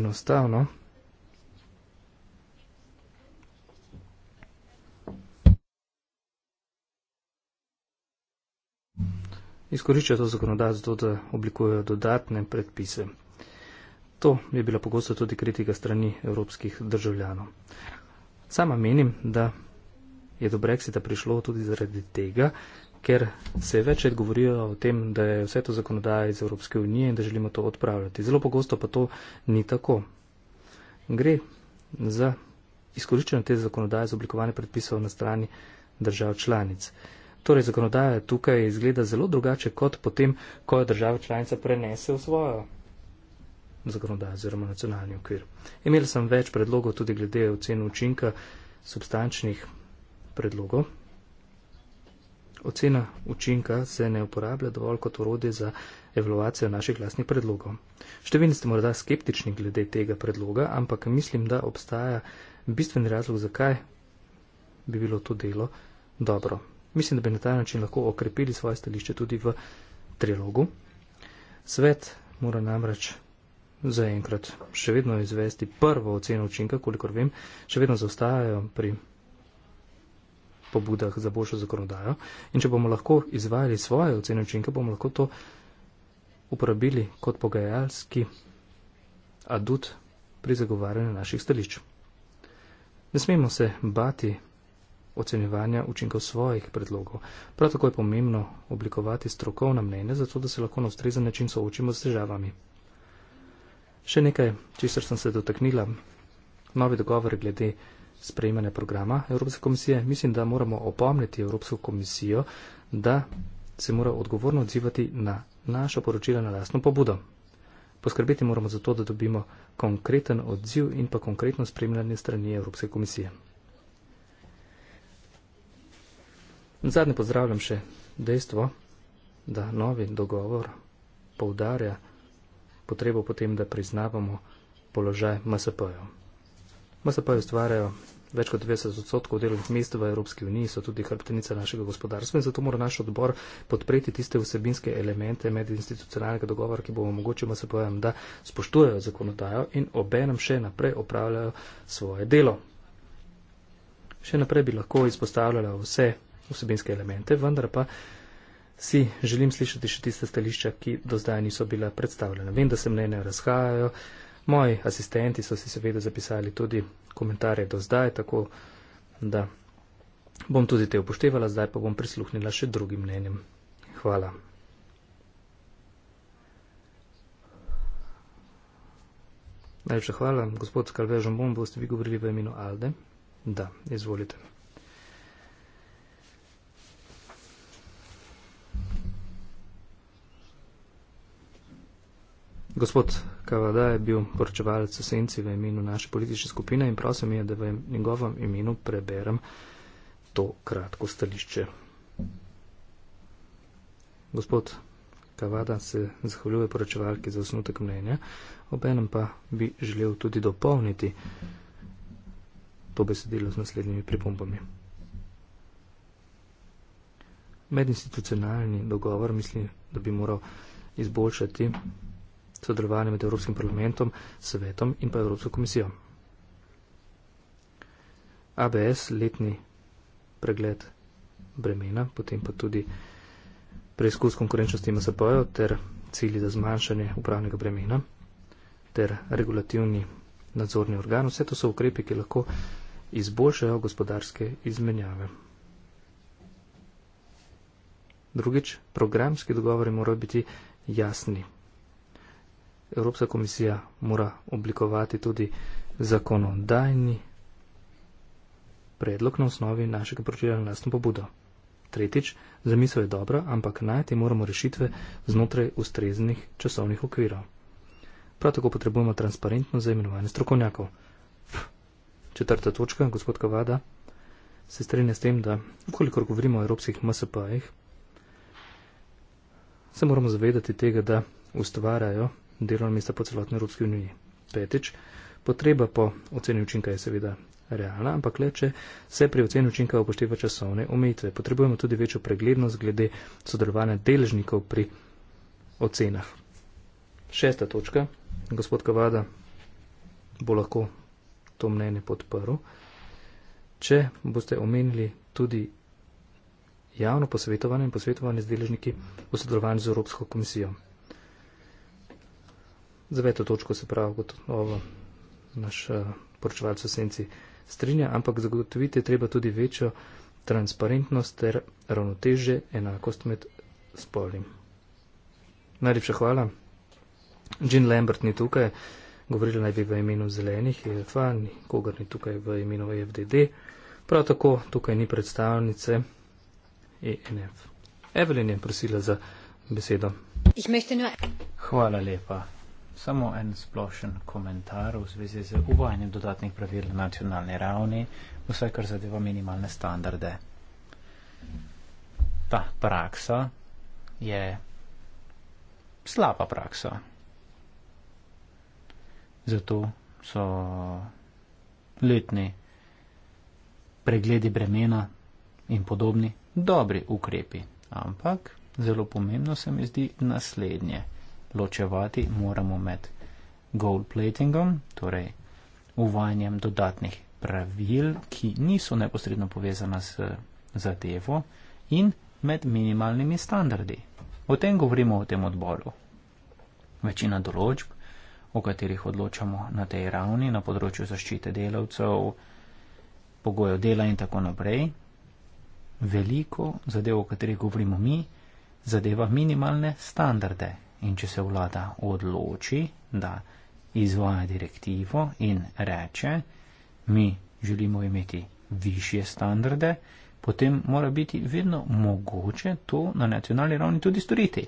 enostavno izkoriščajo to zakonodajo zato, da oblikujejo dodatne predpise. To je bila pogosto tudi kritika strani evropskih državljanov. Sama menim, da je do Brexita prišlo tudi zaradi tega, ker se je večkrat govorilo o tem, da je vse to zakonodaja iz Evropske unije in da želimo to odpravljati. Zelo pogosto pa to ni tako. Gre za izkoriščanje te zakonodaje z oblikovanjem predpisov na strani držav članic. Torej, zakonodaja tukaj izgleda zelo drugače, kot potem, ko jo država članica prenese v svojo zakonodajo oziroma nacionalni okvir. Imel sem več predlogov tudi glede ocene učinka substančnih predlogov. Ocena učinka se ne uporablja dovolj kot orodje za evaluacijo naših glasnih predlogov. Številni ste morda skeptični glede tega predloga, ampak mislim, da obstaja bistveni razlog, zakaj bi bilo to delo dobro. Mislim, da bi na ta način lahko okrepili svoje stališče tudi v trilogu. Svet mora namreč zaenkrat še vedno izvesti prvo oceno učinka, kolikor vem, še vedno zaostajajo pri pobudah za boljšo zakonodajo. In če bomo lahko izvajali svoje oceno učinka, bomo lahko to uporabili kot pogajalski adut pri zagovarjanju naših stališč. Ne smemo se bati ocenjevanja učinkov svojih predlogov. Prav tako je pomembno oblikovati strokovna mnenja, zato da se lahko na ustrezen način soočimo s težavami. Še nekaj, česar sem se dotaknila, novi dogovor glede sprejmanja programa Evropske komisije. Mislim, da moramo opomniti Evropsko komisijo, da se mora odgovorno odzivati na našo poročilo na lastno pobudo. Poskrbeti moramo za to, da dobimo konkreten odziv in pa konkretno spremljanje strani Evropske komisije. In zadnje pozdravljam še dejstvo, da novi dogovor poudarja potrebo potem, da priznavamo položaj MSP-jev. MSP-je ustvarjajo več kot 20 odstotkov delovnih mest v Evropski uniji, so tudi hrbtenica našega gospodarstva in zato mora naš odbor podpreti tiste vsebinske elemente medinstitucionalnega dogovora, ki bo omogočil MSP-jem, da spoštujejo zakonodajo in obenem še naprej opravljajo svoje delo. Še naprej bi lahko izpostavljala vse vsebinske elemente, vendar pa si želim slišati še tiste stališča, ki do zdaj niso bila predstavljena. Vem, da se mnenja razhajajo, moji asistenti so si seveda zapisali tudi komentarje do zdaj, tako da bom tudi te upoštevala, zdaj pa bom prisluhnila še drugim mnenjem. Hvala. Najlepša hvala. Gospod Kalvežan Bombo, ste vi govorili v imenu Alde? Da, izvolite. Gospod Kavada je bil poročevalec v senci v imenu naše politične skupine in prosim je, da v njegovem imenu preberem to kratko stališče. Gospod Kavada se zahvaljuje poročevalki za osnutek mnenja, obenem pa bi želel tudi dopolniti to besedilo z naslednjimi pripombami. Medinstitucionalni dogovor mislim, da bi moral izboljšati sodelovanje med Evropskim parlamentom, svetom in pa Evropsko komisijo. ABS, letni pregled bremena, potem pa tudi preizkus konkurenčnosti MSP-jev ter cilji za zmanjšanje upravnega bremena ter regulativni nadzorni organ. Vse to so ukrepi, ki lahko izboljšajo gospodarske izmenjave. Drugič, programski dogovori morajo biti jasni, Evropska komisija mora oblikovati tudi zakonodajni predlog na osnovi našega poročila na lastno pobudo. Tretjič, zamisel je dobra, ampak najti moramo rešitve znotraj ustreznih časovnih okvirov. Prav tako potrebujemo transparentno zaimenovanje strokovnjakov. Četrta točka, gospod Kavada, se strinja s tem, da ukolikor govorimo o evropskih MSP-jih, se moramo zavedati tega, da ustvarjajo delovna mesta po celotni Evropski uniji. Petič, potreba po oceni učinka je seveda realna, ampak le, če se pri oceni učinka upošteva časovne omejitve. Potrebujemo tudi večjo preglednost glede sodelovanja deležnikov pri ocenah. Šesta točka. Gospod Kavada bo lahko to mnenje podprl. Če boste omenili tudi javno posvetovanje in posvetovanje z deležniki v sodelovanju z Evropsko komisijo. Za veto točko se pravi, kot ovo, naš eh, poročevalce senci strinja, ampak zagotoviti je treba tudi večjo transparentnost ter ravnoteže enakost med spolim. Najlepša hvala. Jean Lambert ni tukaj, govorila naj bi v imenu zelenih, je fa, nikogar ni tukaj v imenu FDD. Prav tako tukaj ni predstavnice ENF. Evelyn je prosila za besedo. Hvala lepa samo en splošen komentar v zvezi z uvajanjem dodatnih pravil na nacionalni ravni, vse kar zadeva minimalne standarde. Ta praksa je slaba praksa. Zato so letni pregledi bremena in podobni dobri ukrepi. Ampak zelo pomembno se mi zdi naslednje ločevati moramo med goal platingom, torej uvajanjem dodatnih pravil, ki niso neposredno povezana z zadevo in med minimalnimi standardi. O tem govorimo v tem odboru. Večina določb, o katerih odločamo na tej ravni, na področju zaščite delavcev, pogojev dela in tako naprej, veliko zadev, o katerih govorimo mi, zadeva minimalne standarde. In če se vlada odloči, da izvaja direktivo in reče, mi želimo imeti višje standarde, potem mora biti vedno mogoče to na nacionalni ravni tudi storiti.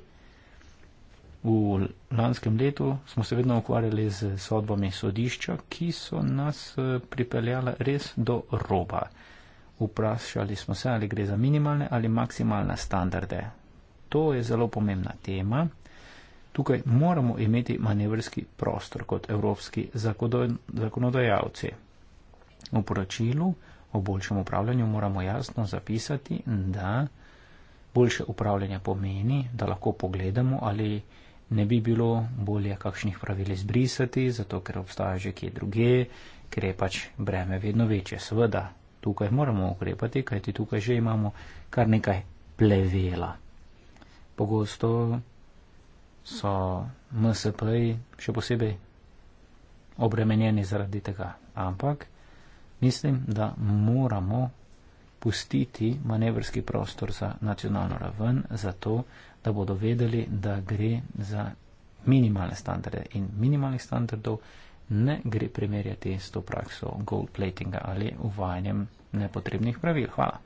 V lanskem letu smo se vedno ukvarjali z sodbami sodišča, ki so nas eh, pripeljala res do roba. Vprašali smo se, ali gre za minimalne ali maksimalne standarde. To je zelo pomembna tema. Tukaj moramo imeti manevrski prostor kot evropski zakonodajalci. V poročilu o boljšem upravljanju moramo jasno zapisati, da boljše upravljanje pomeni, da lahko pogledamo, ali ne bi bilo bolje kakšnih pravil izbrisati, zato ker obstaja že kje druge, ker je pač breme vedno večje. Sveda, tukaj moramo ukrepati, kajti tukaj že imamo kar nekaj plevela. Pogosto so MSP-ji še posebej obremenjeni zaradi tega. Ampak mislim, da moramo pustiti manevrski prostor za nacionalno raven, zato da bodo vedeli, da gre za minimalne standarde in minimalnih standardov ne gre primerjati s to prakso gold platinga ali uvajanjem nepotrebnih pravil. Hvala.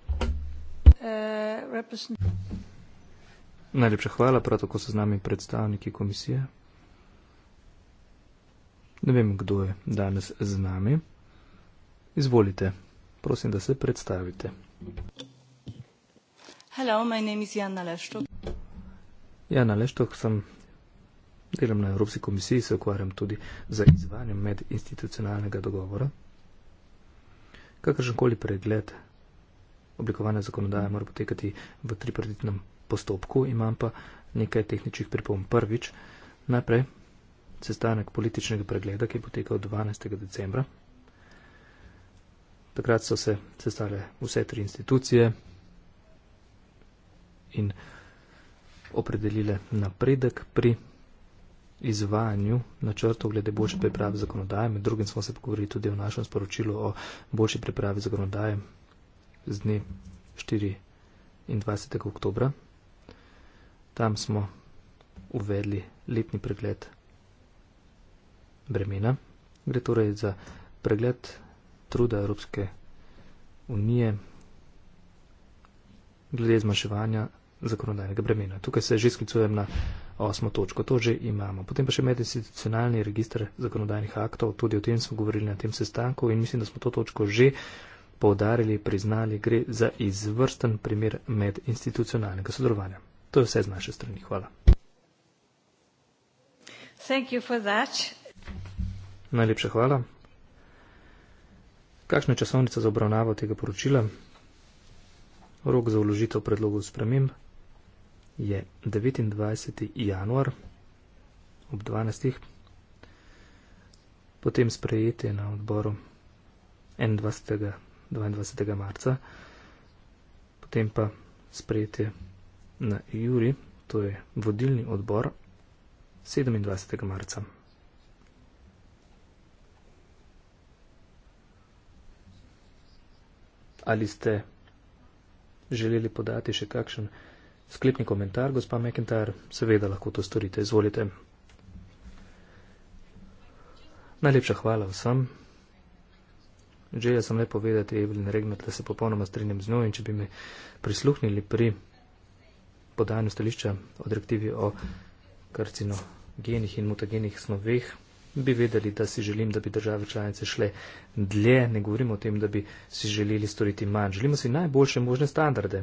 Uh, Najlepša hvala, prav tako so z nami predstavniki komisije. Ne vem, kdo je danes z nami. Izvolite, prosim, da se predstavite. Hello, my name is Jana Leštok. Jana Leštok, sem delam na Evropski komisiji, se ukvarjam tudi z izvanjem medinstitucionalnega dogovora. Kakršenkoli pregled oblikovanja zakonodaje mora potekati v tripartitnem postopku, imam pa nekaj tehničnih pripomb. Prvič, najprej sestanek političnega pregleda, ki je potekal 12. decembra. Takrat so se sestale vse tri institucije in opredelile napredek pri izvajanju načrtov glede boljše priprave zakonodaje. Med drugim smo se pogovorili tudi o našem sporočilu o boljši pripravi zakonodaje z dne 24. oktobra Tam smo uvedli letni pregled bremena. Gre torej za pregled truda Evropske unije glede zmanjševanja zakonodajnega bremena. Tukaj se že sklicujem na osmo točko, to že imamo. Potem pa še medinstitucionalni registr zakonodajnih aktov, tudi o tem smo govorili na tem sestanku in mislim, da smo to točko že poudarili, priznali, gre za izvrsten primer medinstitucionalnega sodelovanja. To je vse z naše strani. Hvala. Thank you for that. Najlepša hvala. Kakšna je časovnica za obravnavo tega poročila? Rok za vložitev predlogov sprememb je 29. januar ob 12. Potem sprejeti na odboru 21. 22. marca, potem pa sprejeti na Juri, to je vodilni odbor, 27. marca. Ali ste želeli podati še kakšen sklepni komentar, gospa McIntyre? Seveda lahko to storite, izvolite. Najlepša hvala vsem. Želel sem le povedati Evelyn Regnard, da se popolnoma strinjam z njo in če bi me prisluhnili pri podajanju stališča o direktivi o karcinogenih in mutagenih snoveh, bi vedeli, da si želim, da bi države članice šle dlje, ne govorimo o tem, da bi si želeli storiti manj. Želimo si najboljše možne standarde.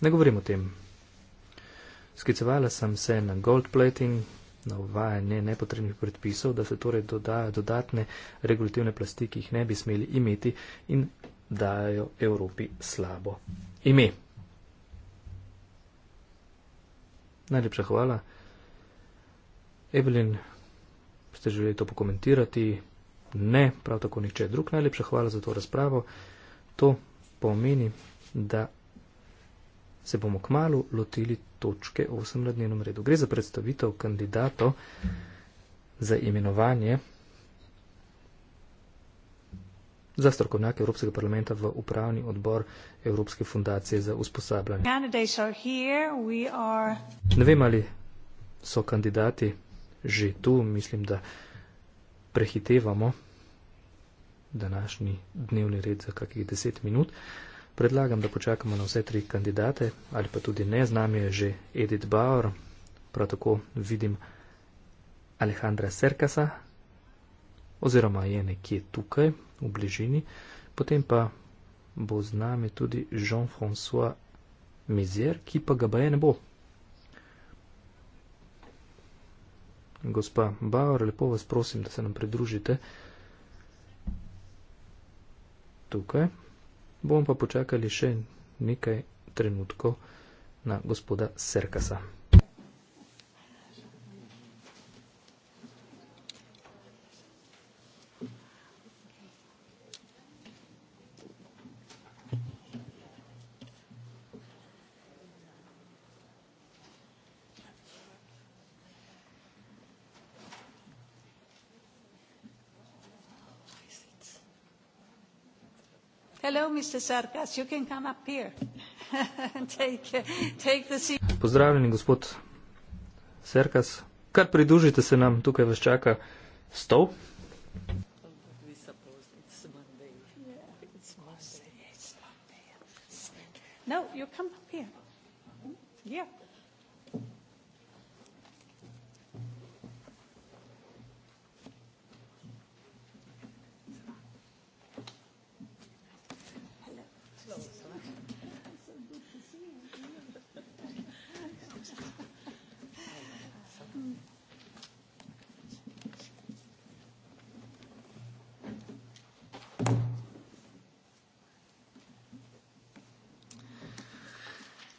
Ne govorimo o tem. Skicevala sem se na gold plating, na uvajanje nepotrebnih predpisov, da se torej dodajo dodatne regulativne plasti, ki jih ne bi smeli imeti in dajo Evropi slabo ime. Najlepša hvala. Evelin, ste želeli to pokomentirati? Ne, prav tako nihče drug. Najlepša hvala za to razpravo. To pomeni, da se bomo k malu lotili točke 8 na dnevnem redu. Gre za predstavitev kandidato za imenovanje za strokovnjake Evropskega parlamenta v upravni odbor Evropske fundacije za usposabljanje. Are... Ne vem, ali so kandidati že tu, mislim, da prehitevamo današnji dnevni red za kakih deset minut. Predlagam, da počakamo na vse tri kandidate, ali pa tudi ne, z nami je že Edith Bauer, prav tako vidim Alejandra Serkasa, oziroma je nekje tukaj v bližini, potem pa bo z nami tudi Jean-François Mizier, ki pa ga baje ne bo. Gospa Bauer, lepo vas prosim, da se nam pridružite. Tukaj bomo pa počakali še nekaj trenutkov na gospoda Serkasa. [laughs] Pozdravljeni, gospod Serkas. Kar pridružite se nam, tukaj vas čaka stol. No, you come up here. Yeah.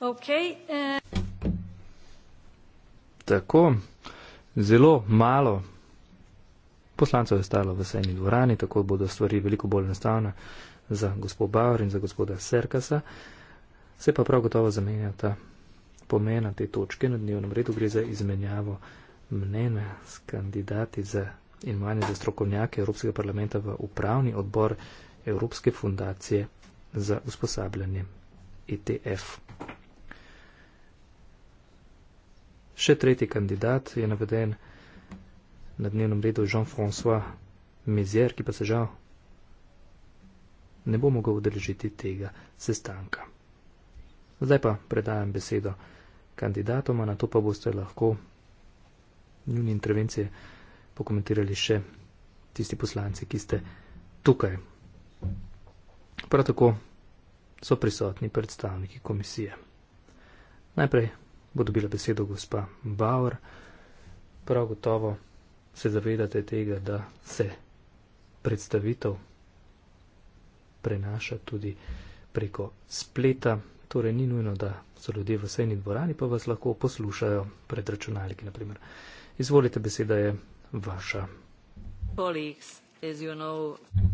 Okay, eh. Tako, zelo malo poslancev je stalo v sejni dvorani, tako bodo stvari veliko bolj enostavne za gospod Bauer in za gospoda Serkasa. Se pa prav gotovo zamenjata pomena te točke na dnevnem redu, gre za izmenjavo mnenja s kandidati za in manje za strokovnjake Evropskega parlamenta v upravni odbor Evropske fundacije za usposabljanje ETF. Še tretji kandidat je naveden na dnevnem redu Jean-François Mézier, ki pa se žal ne bo mogel udeležiti tega sestanka. Zdaj pa predajam besedo kandidatoma, na to pa boste lahko njuni intervencije pokomentirali še tisti poslanci, ki ste tukaj. Prav tako so prisotni predstavniki komisije. Najprej bo dobila besedo gospa Bauer. Prav gotovo se zavedate tega, da se predstavitev prenaša tudi preko spleta, torej ni nujno, da so ljudje v sejni dvorani, pa vas lahko poslušajo pred računalniki, na primer. Izvolite, beseda je vaša.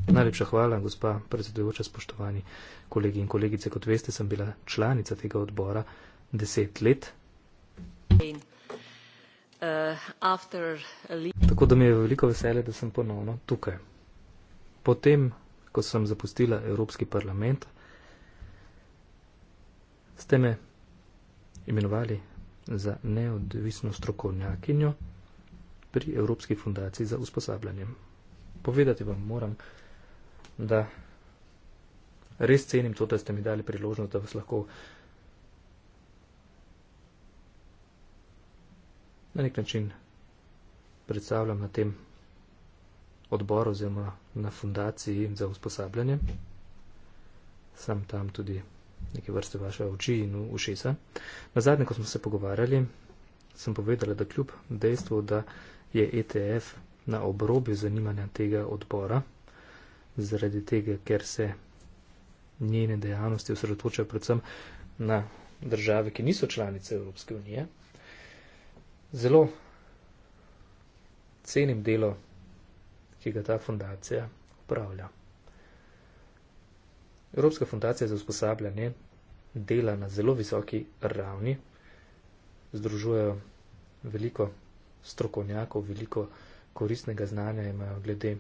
Najlepša hvala, gospa predsedujoča, spoštovani kolegi in kolegice. Kot veste, sem bila članica tega odbora deset let, Uh, Tako da mi je veliko veselje, da sem ponovno tukaj. Potem, ko sem zapustila Evropski parlament, ste me imenovali za neodvisno strokovnjakinjo pri Evropski fundaciji za usposabljanje. Povedati vam moram, da res cenim to, da ste mi dali priložnost, da vas lahko na nek način predstavljam na tem odboru oziroma na fundaciji za usposabljanje. Sam tam tudi neke vrste vaše oči in ušesa. Na zadnje, ko smo se pogovarjali, sem povedala, da kljub dejstvu, da je ETF na obrobju zanimanja tega odbora, zaradi tega, ker se njene dejavnosti osredotočajo predvsem na države, ki niso članice Evropske unije, zelo cenim delo, ki ga ta fundacija upravlja. Evropska fundacija za usposabljanje dela na zelo visoki ravni, združujejo veliko strokovnjakov, veliko koristnega znanja imajo glede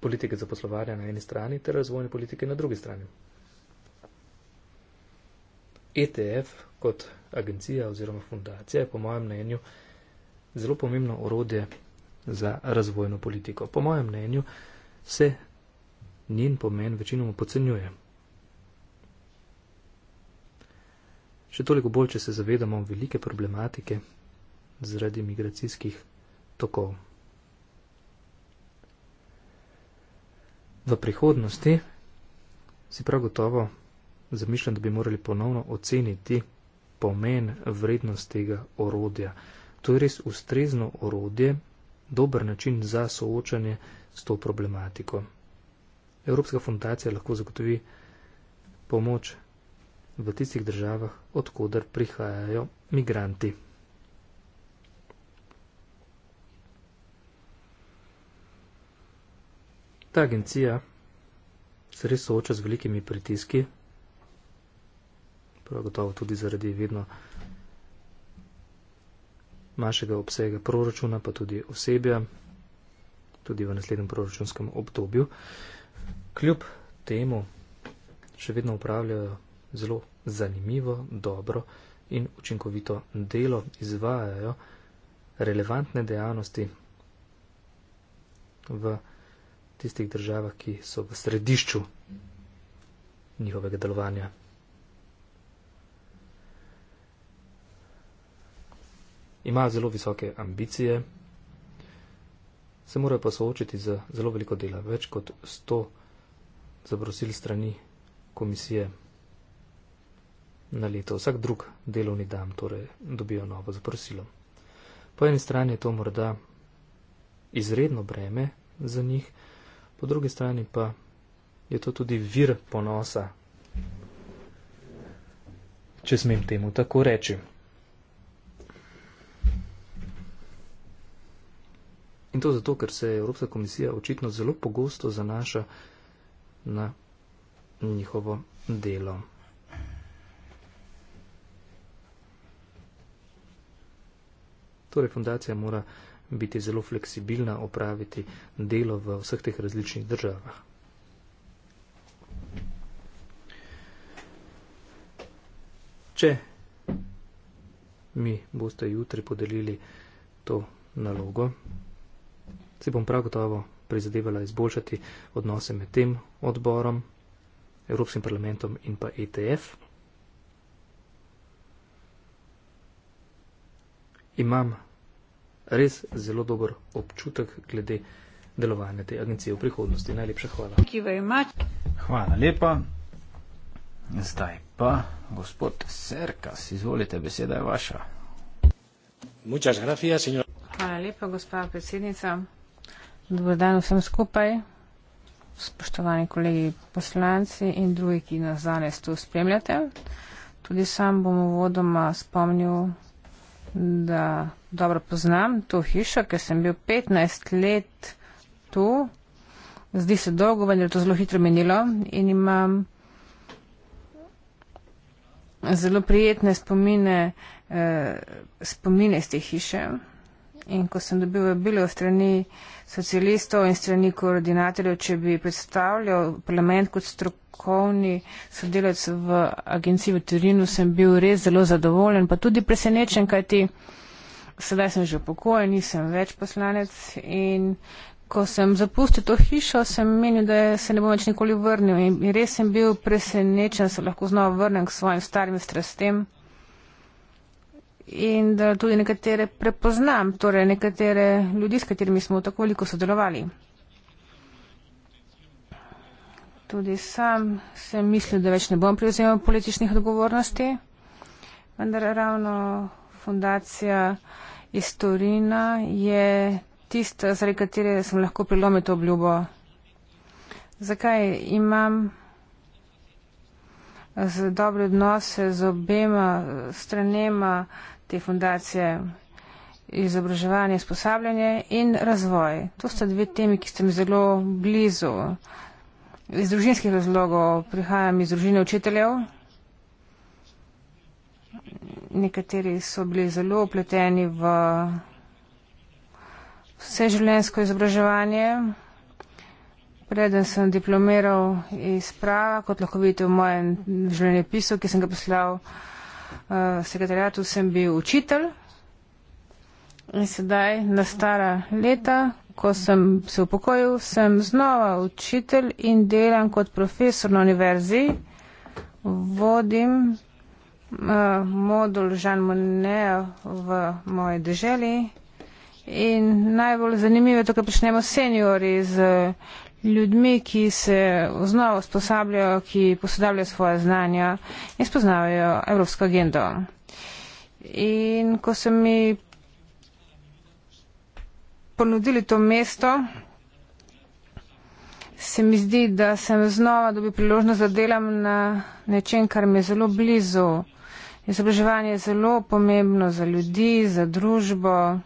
politike zaposlovanja na eni strani ter razvojne politike na drugi strani. ETF kot agencija oziroma fundacija je po mojem mnenju zelo pomembno orodje za razvojno politiko. Po mojem mnenju se njen pomen večinoma pocenjuje. Še toliko bolj, če se zavedamo velike problematike zaradi migracijskih tokov. V prihodnosti si prav gotovo zamišljam, da bi morali ponovno oceniti pomen, vrednost tega orodja. To je res ustrezno orodje, dober način za soočanje s to problematiko. Evropska fundacija lahko zagotovi pomoč v tistih državah, odkudar prihajajo migranti. Ta agencija se res sooča z velikimi pritiski, prav gotovo tudi zaradi vedno manjšega obsega proračuna, pa tudi osebja, tudi v naslednjem proračunskem obdobju. Kljub temu še vedno upravljajo zelo zanimivo, dobro in učinkovito delo, izvajajo relevantne dejavnosti v tistih državah, ki so v središču njihovega delovanja. imajo zelo visoke ambicije, se morajo pa soočiti z zelo veliko dela, več kot 100 zaprosil strani komisije na leto. Vsak drug delovni dan torej dobijo novo zaprosilo. Po eni strani je to morda izredno breme za njih, po drugi strani pa je to tudi vir ponosa, če smem temu tako reči. In to zato, ker se Evropska komisija očitno zelo pogosto zanaša na njihovo delo. Torej, fundacija mora biti zelo fleksibilna, opraviti delo v vseh teh različnih državah. Če mi boste jutri podelili to nalogo, si bom prav gotovo prizadevala izboljšati odnose med tem odborom, Evropskim parlamentom in pa ETF. Imam res zelo dober občutek glede delovanja te agencije v prihodnosti. Najlepša hvala. Hvala lepa. Zdaj pa, gospod Serkas, izvolite, beseda je vaša. Hvala lepa, gospa predsednica. Dobro dan vsem skupaj, spoštovani kolegi poslanci in drugi, ki nas danes tu spremljate. Tudi sam bom uvodoma spomnil, da dobro poznam to hišo, ker sem bil 15 let tu. Zdi se dolgo, vendar je to zelo hitro menilo in imam zelo prijetne spomine, eh, spomine iz te hiše in ko sem dobil obilo strani socialistov in strani koordinatorjev, če bi predstavljal parlament kot strokovni sodelavec v agenciji v Turinu, sem bil res zelo zadovoljen, pa tudi presenečen, kajti sedaj sem že upokojen, nisem več poslanec in ko sem zapustil to hišo, sem menil, da se ne bom več nikoli vrnil in res sem bil presenečen, da se lahko znova vrnem k svojim starim strastem in da tudi nekatere prepoznam, torej nekatere ljudi, s katerimi smo tako veliko sodelovali. Tudi sam sem mislil, da več ne bom prevzemal političnih odgovornosti, vendar ravno fundacija iz Torina je tista, zaradi katere sem lahko prilomil to obljubo. Zakaj imam eh, z dobre odnose z obema stranema te fundacije izobraževanje, sposabljanje in razvoj. To sta dve temi, ki ste mi zelo blizu. Iz družinskih razlogov prihajam iz družine učiteljev. Nekateri so bili zelo upleteni v vseživljenjsko izobraževanje. Preden sem diplomiral iz prava, kot lahko vidite v mojem življenjepisu, ki sem ga poslal Eh, sekretariatu sem bil učitelj in sedaj na stara leta, ko sem se upokojil, sem znova učitelj in delam kot profesor na univerzi. Vodim uh, modul Žan Moneo v moji deželi. In najbolj zanimivo je to, kar počnemo seniori z ljudmi, ki se znova usposabljajo, ki posodabljajo svoje znanja in spoznavajo evropsko agendo. In ko so mi ponudili to mesto, se mi zdi, da sem znova dobil priložnost, da delam na nečem, kar mi je zelo blizu. Izobraževanje je zelo pomembno za ljudi, za družbo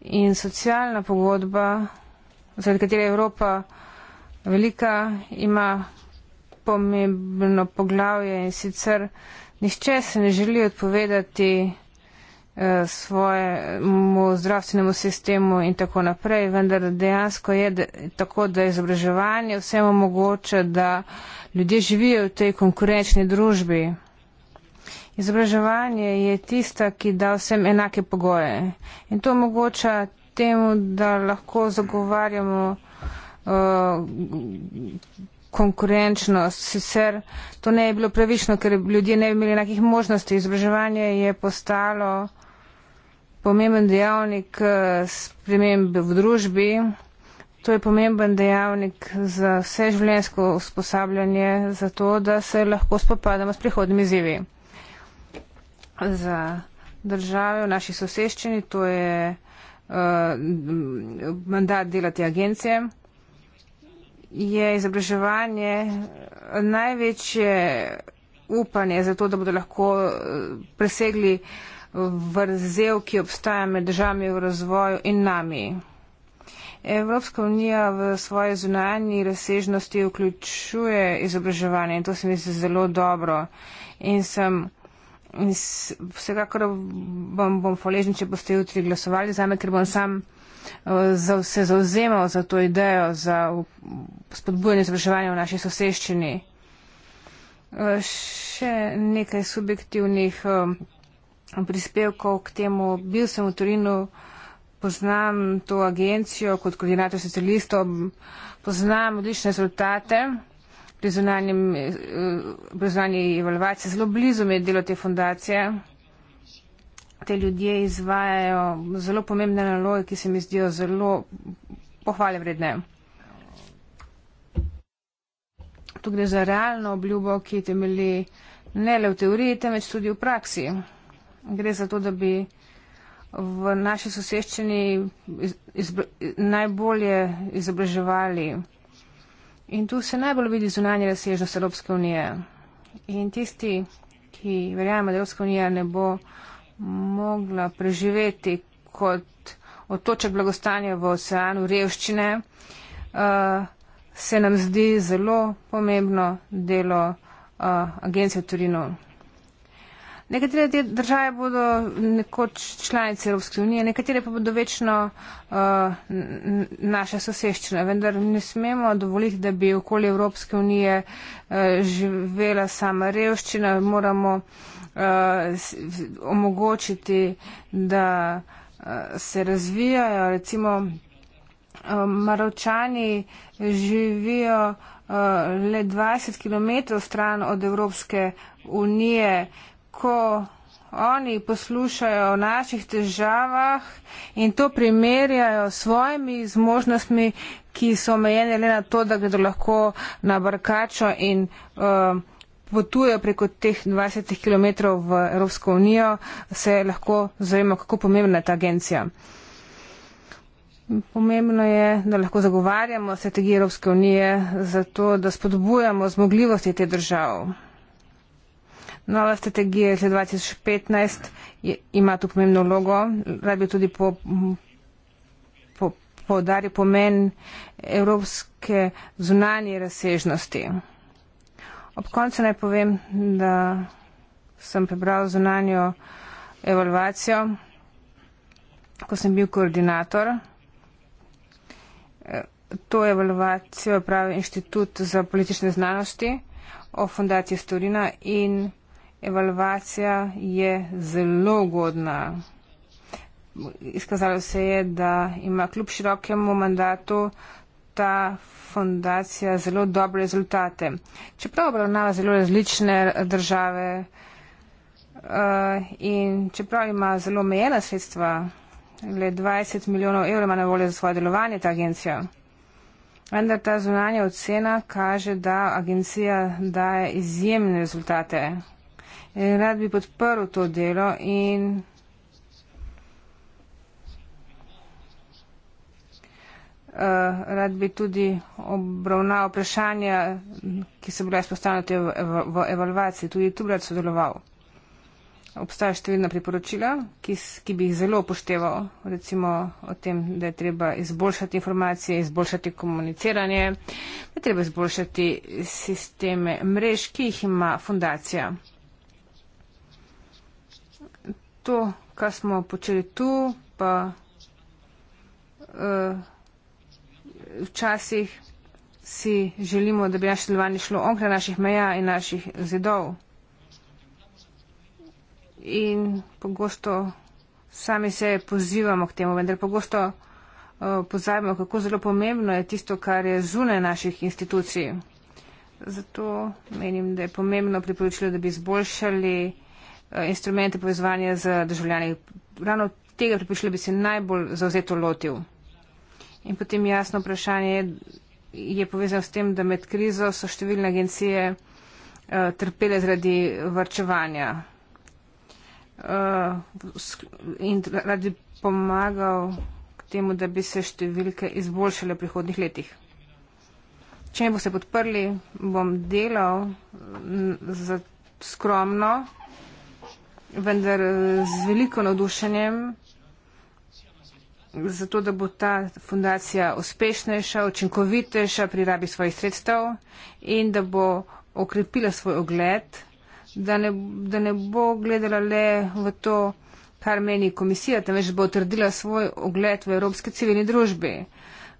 in socialna pogodba zaradi katere Evropa velika ima pomembno poglavje in sicer nišče se ne želi odpovedati eh, svojemu zdravstvenemu sistemu in tako naprej, vendar dejansko je de, tako, da je izobraževanje vsem omogoče, da ljudje živijo v tej konkurenčni družbi. Izobraževanje je tista, ki da vsem enake pogoje in to omogoča temu, da lahko zagovarjamo uh, konkurenčnost. Sicer to ne je bilo pravično, ker ljudje ne bi imeli enakih možnosti. Izobraževanje je postalo pomemben dejavnik uh, spremembe v družbi. To je pomemben dejavnik za vse življenjsko usposabljanje, za to, da se lahko spopadamo s prihodnimi izzivi. Za države v naši soseščini to je uh, uh, mandat delati agencije, je izobraževanje največje upanje za to, da bodo lahko eh, presegli vrzel, ki obstaja med državami v razvoju in nami. Evropska unija v svoje zunanji razsežnosti vključuje izobraževanje in to se mi zdi zelo dobro. In sem vsekakor bom, bom hvaležen, če boste jutri glasovali za me, ker bom sam eh, se zauzemal za to idejo, za spodbujanje izobraževanja v naši soseščini. Eh, še nekaj subjektivnih eh, prispevkov k temu. Bil sem v Torinu, poznam to agencijo kot koordinator socialistov, poznam odlične rezultate pri zunanjem, eh, pri zunanji evalvaciji zelo blizu med delo te fundacije. Te ljudje izvajajo zelo pomembne naloge, ki se mi zdijo zelo pohvale vredne. Tu gre za realno obljubo, ki temeli ne le v teoriji, temveč tudi v praksi. Gre za to, da bi v naši soseščini iz, izbr, najbolje izobraževali In tu se najbolj vidi zunanje razsežnost Evropske unije. In tisti, ki verjamemo, da Evropska unija ne bo mogla preživeti kot otoček blagostanja v oceanu revščine, uh, se nam zdi zelo pomembno delo uh, agencije v Turinu. Nekatere te države bodo nekoč članice Evropske unije, nekatere pa bodo večno uh, naše soseščine. Vendar ne smemo dovoliti, da bi okoli Evropske unije uh, živela sama revščina. Moramo uh, omogočiti, da uh, se razvijajo. Recimo uh, Maročani živijo uh, le 20 km stran od Evropske unije nekako oni poslušajo o naših težavah in to primerjajo s svojimi zmožnostmi, ki so omejene le na to, da gredo lahko na barkačo in uh, potujejo preko teh 20 km v Evropsko unijo, se lahko zavemo, kako pomembna je ta agencija. Pomembno je, da lahko zagovarjamo strategije Evropske unije za to, da spodbujamo zmogljivosti te države. Nova strategija iz leta 2015 je, ima tu pomembno vlogo, rad bi tudi po, po, podaril pomen evropske zunanje razsežnosti. Ob koncu naj povem, da sem prebral zunanjo evalvacijo, ko sem bil koordinator. Eh, to evalvacijo je pravi Inštitut za politične znanosti o fundaciji Sturina in evalvacija je zelo ugodna. Izkazalo se je, da ima kljub širokemu mandatu ta fondacija zelo dobre rezultate. Čeprav obravnava zelo različne države uh, in čeprav ima zelo omejena sredstva, le 20 milijonov evrov ima na voljo za svoje delovanje ta agencija. Vendar ta zunanja ocena kaže, da agencija daje izjemne rezultate in eh, rad bi podprl to delo in uh, rad bi tudi obravnal vprašanja, ki so bila izpostavljena v, ev v evalvaciji. Tudi tu bi rad sodeloval. Obstajajo številna priporočila, ki, ki bi jih zelo upošteval, recimo o tem, da je treba izboljšati informacije, izboljšati komuniciranje, da je treba izboljšati sisteme mrež, ki jih ima fundacija to, kar smo počeli tu, pa uh, včasih si želimo, da bi naše delovanje šlo onkraj naših meja in naših zidov. In pogosto sami se pozivamo k temu, vendar pogosto uh, pozabimo, kako zelo pomembno je tisto, kar je zune naših institucij. Zato menim, da je pomembno priporočilo, da bi izboljšali. Eh, instrumente povezovanja z državljani. Ravno tega pripišle bi se najbolj zauzeto lotil. In potem jasno vprašanje je povezano s tem, da med krizo so številne agencije uh, trpele zaradi vrčevanja. Uh, eh, in rad bi pomagal k temu, da bi se številke izboljšale v prihodnih letih. Če me boste podprli, bom delal mm, skromno, vendar eh, z veliko navdušenjem, zato da bo ta fundacija uspešnejša, učinkovitejša pri rabi svojih sredstev in da bo okrepila svoj ogled, da ne, da ne bo gledala le v to, kar meni komisija, temveč bo utrdila svoj ogled v evropski civilni družbi.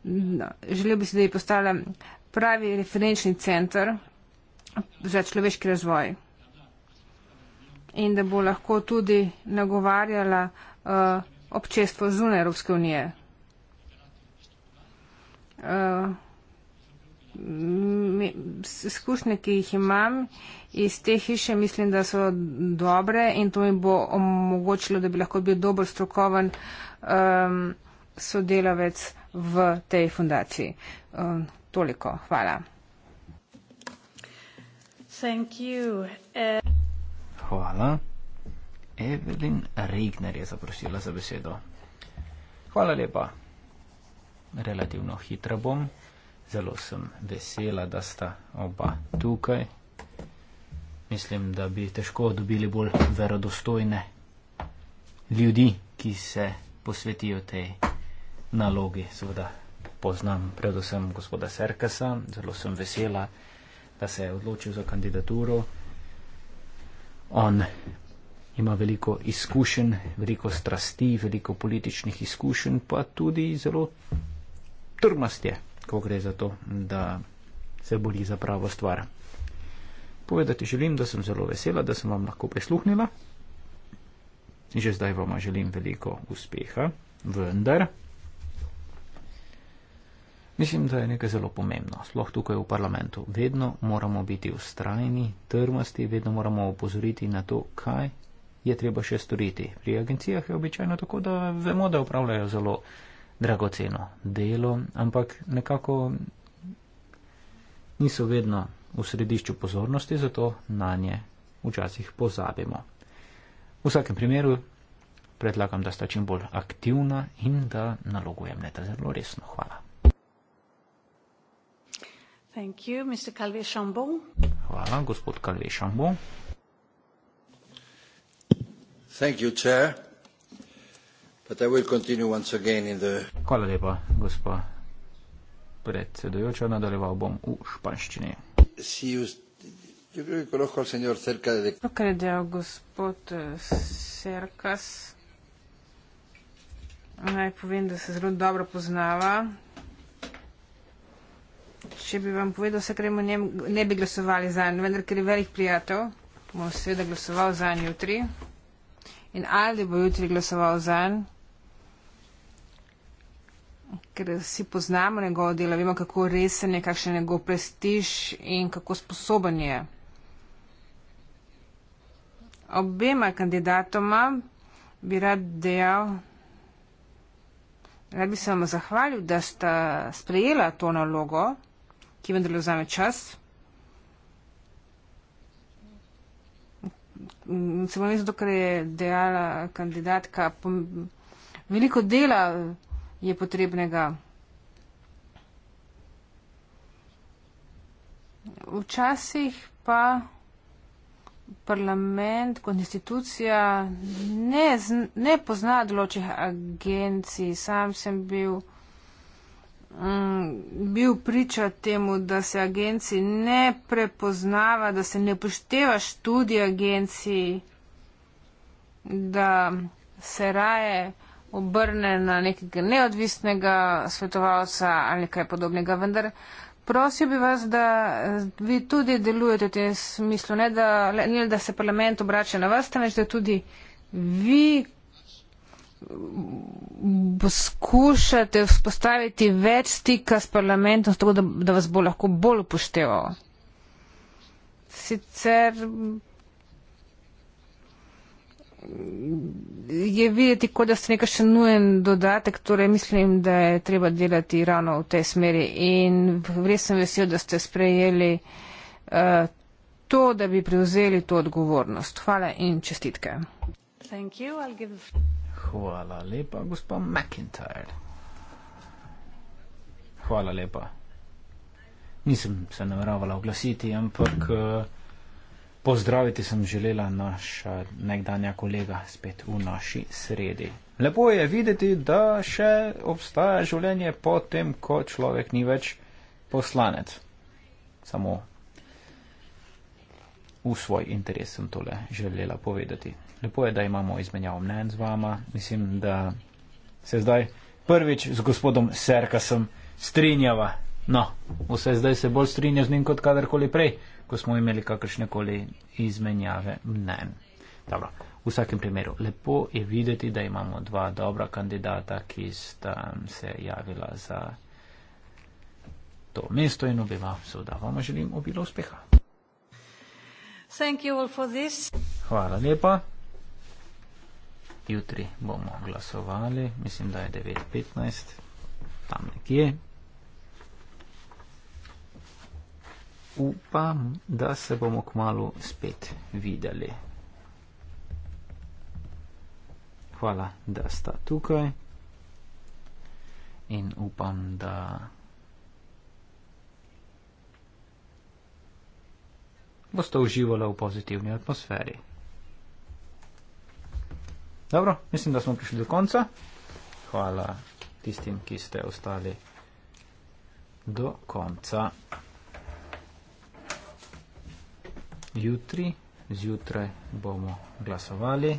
No, želel bi se, da je postala pravi referenčni center za človeški razvoj in da bo lahko tudi nagovarjala uh, občestvo zunaj Evropske unije. Uh, eh, Skušnje, ki jih imam iz te hiše, mislim, da so dobre in to mi bo omogočilo, da bi lahko bil dober strokoven um, sodelavec v tej fundaciji. Um, toliko. Hvala. Thank you. Uh Hvala. Evelyn Regner je zaprosila za besedo. Hvala lepa. Relativno hitra bom. Zelo sem vesela, da sta oba tukaj. Mislim, da bi težko dobili bolj verodostojne ljudi, ki se posvetijo tej nalogi. Seveda poznam predvsem gospoda Serkasa. Zelo sem vesela, da se je odločil za kandidaturo. On ima veliko izkušenj, veliko strasti, veliko političnih izkušenj, pa tudi zelo trmast je, ko gre za to, da se bori za pravo stvar. Povedati želim, da sem zelo vesela, da sem vam lahko prisluhnila. Že zdaj vama želim veliko uspeha, vendar. Mislim, da je nekaj zelo pomembno. Sploh tukaj v parlamentu. Vedno moramo biti ustrajni, trmasti, vedno moramo opozoriti na to, kaj je treba še storiti. Pri agencijah je običajno tako, da vemo, da upravljajo zelo dragoceno delo, ampak nekako niso vedno v središču pozornosti, zato na nje včasih pozabimo. V vsakem primeru predlagam, da sta čim bolj aktivna in da nalogujem ne ta zelo resno. Hvala. Thank you. Mr. Calvé Chambon. Hvala, gospod Calvé Chambon. Thank you, chair. But I will continue once again in the... Hvala lepa, gospa predsedujoča. Nadaljeval bom v španščini. Tukaj je del gospod Serkas. Eh, Naj povem, da se zelo dobro poznava Če bi vam povedal, se gremo, ne, ne bi glasovali za njo, vendar ker je velik prijatelj, bom seveda glasoval za njo jutri. In Aldi bo jutri glasoval za njo, ker vsi poznamo njegovo delo, vemo, kako resen je, kakšen je njegov prestiž in kako sposoben je. Obema kandidatoma bi rad dejal, rad bi se vam zahvalil, da sta sprejela to nalogo ki vendarle vzame čas. Se bom izdo, kar je dejala kandidatka, veliko dela je potrebnega. Včasih pa parlament kot institucija ne, ne pozna določih agencij. Sam sem bil bil priča temu, da se agenciji ne prepoznava, da se ne upošteva študij agenciji, da se raje obrne na nekega neodvisnega svetovalca ali kaj podobnega. Vendar prosil bi vas, da vi tudi delujete v tem smislu, ne da, ne da se parlament obrača na vas, temveč da tudi vi poskušate vzpostaviti več stika s parlamentom, tako da, da vas bo lahko bolj upošteval. Sicer je videti, kot da ste nekaj še nujen dodatek, torej mislim, da je treba delati ravno v tej smeri in res sem vesel, da ste sprejeli uh, to, da bi prevzeli to odgovornost. Hvala in čestitke. Thank you. I'll give... Hvala lepa, gospod McIntyre. Hvala lepa. Nisem se nameravala oglasiti, ampak eh, pozdraviti sem želela naša nekdanja kolega spet v naši sredi. Lepo je videti, da še obstaja življenje potem, ko človek ni več poslanec. Samo v svoj interes sem tole želela povedati. Lepo je, da imamo izmenjavo mnen z vama. Mislim, da se zdaj prvič z gospodom Serkasom strinjava. No, vse zdaj se bolj strinja z njim kot kadarkoli prej, ko smo imeli kakršne koli izmenjave mnen. Dobro, v vsakem primeru, lepo je videti, da imamo dva dobra kandidata, ki sta se javila za to mesto in obima. Seveda vam želim obilo uspeha. Hvala lepa jutri bomo glasovali, mislim, da je 9.15, tam nekje. Upam, da se bomo k malu spet videli. Hvala, da sta tukaj in upam, da. Boste uživali v pozitivni atmosferi. Dobro, mislim, da smo prišli do konca. Hvala tistim, ki ste ostali do konca. Jutri, zjutraj bomo glasovali.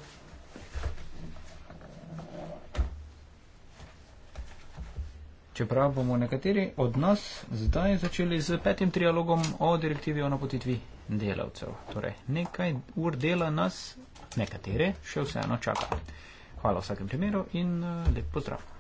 Čeprav bomo nekateri od nas zdaj začeli z petim trialogom o direktivi o napotitvi delavcev. Torej, nekaj ur dela nas nekatere še vseeno čaka. Hvala v vsakem primeru in eh, lep pozdrav.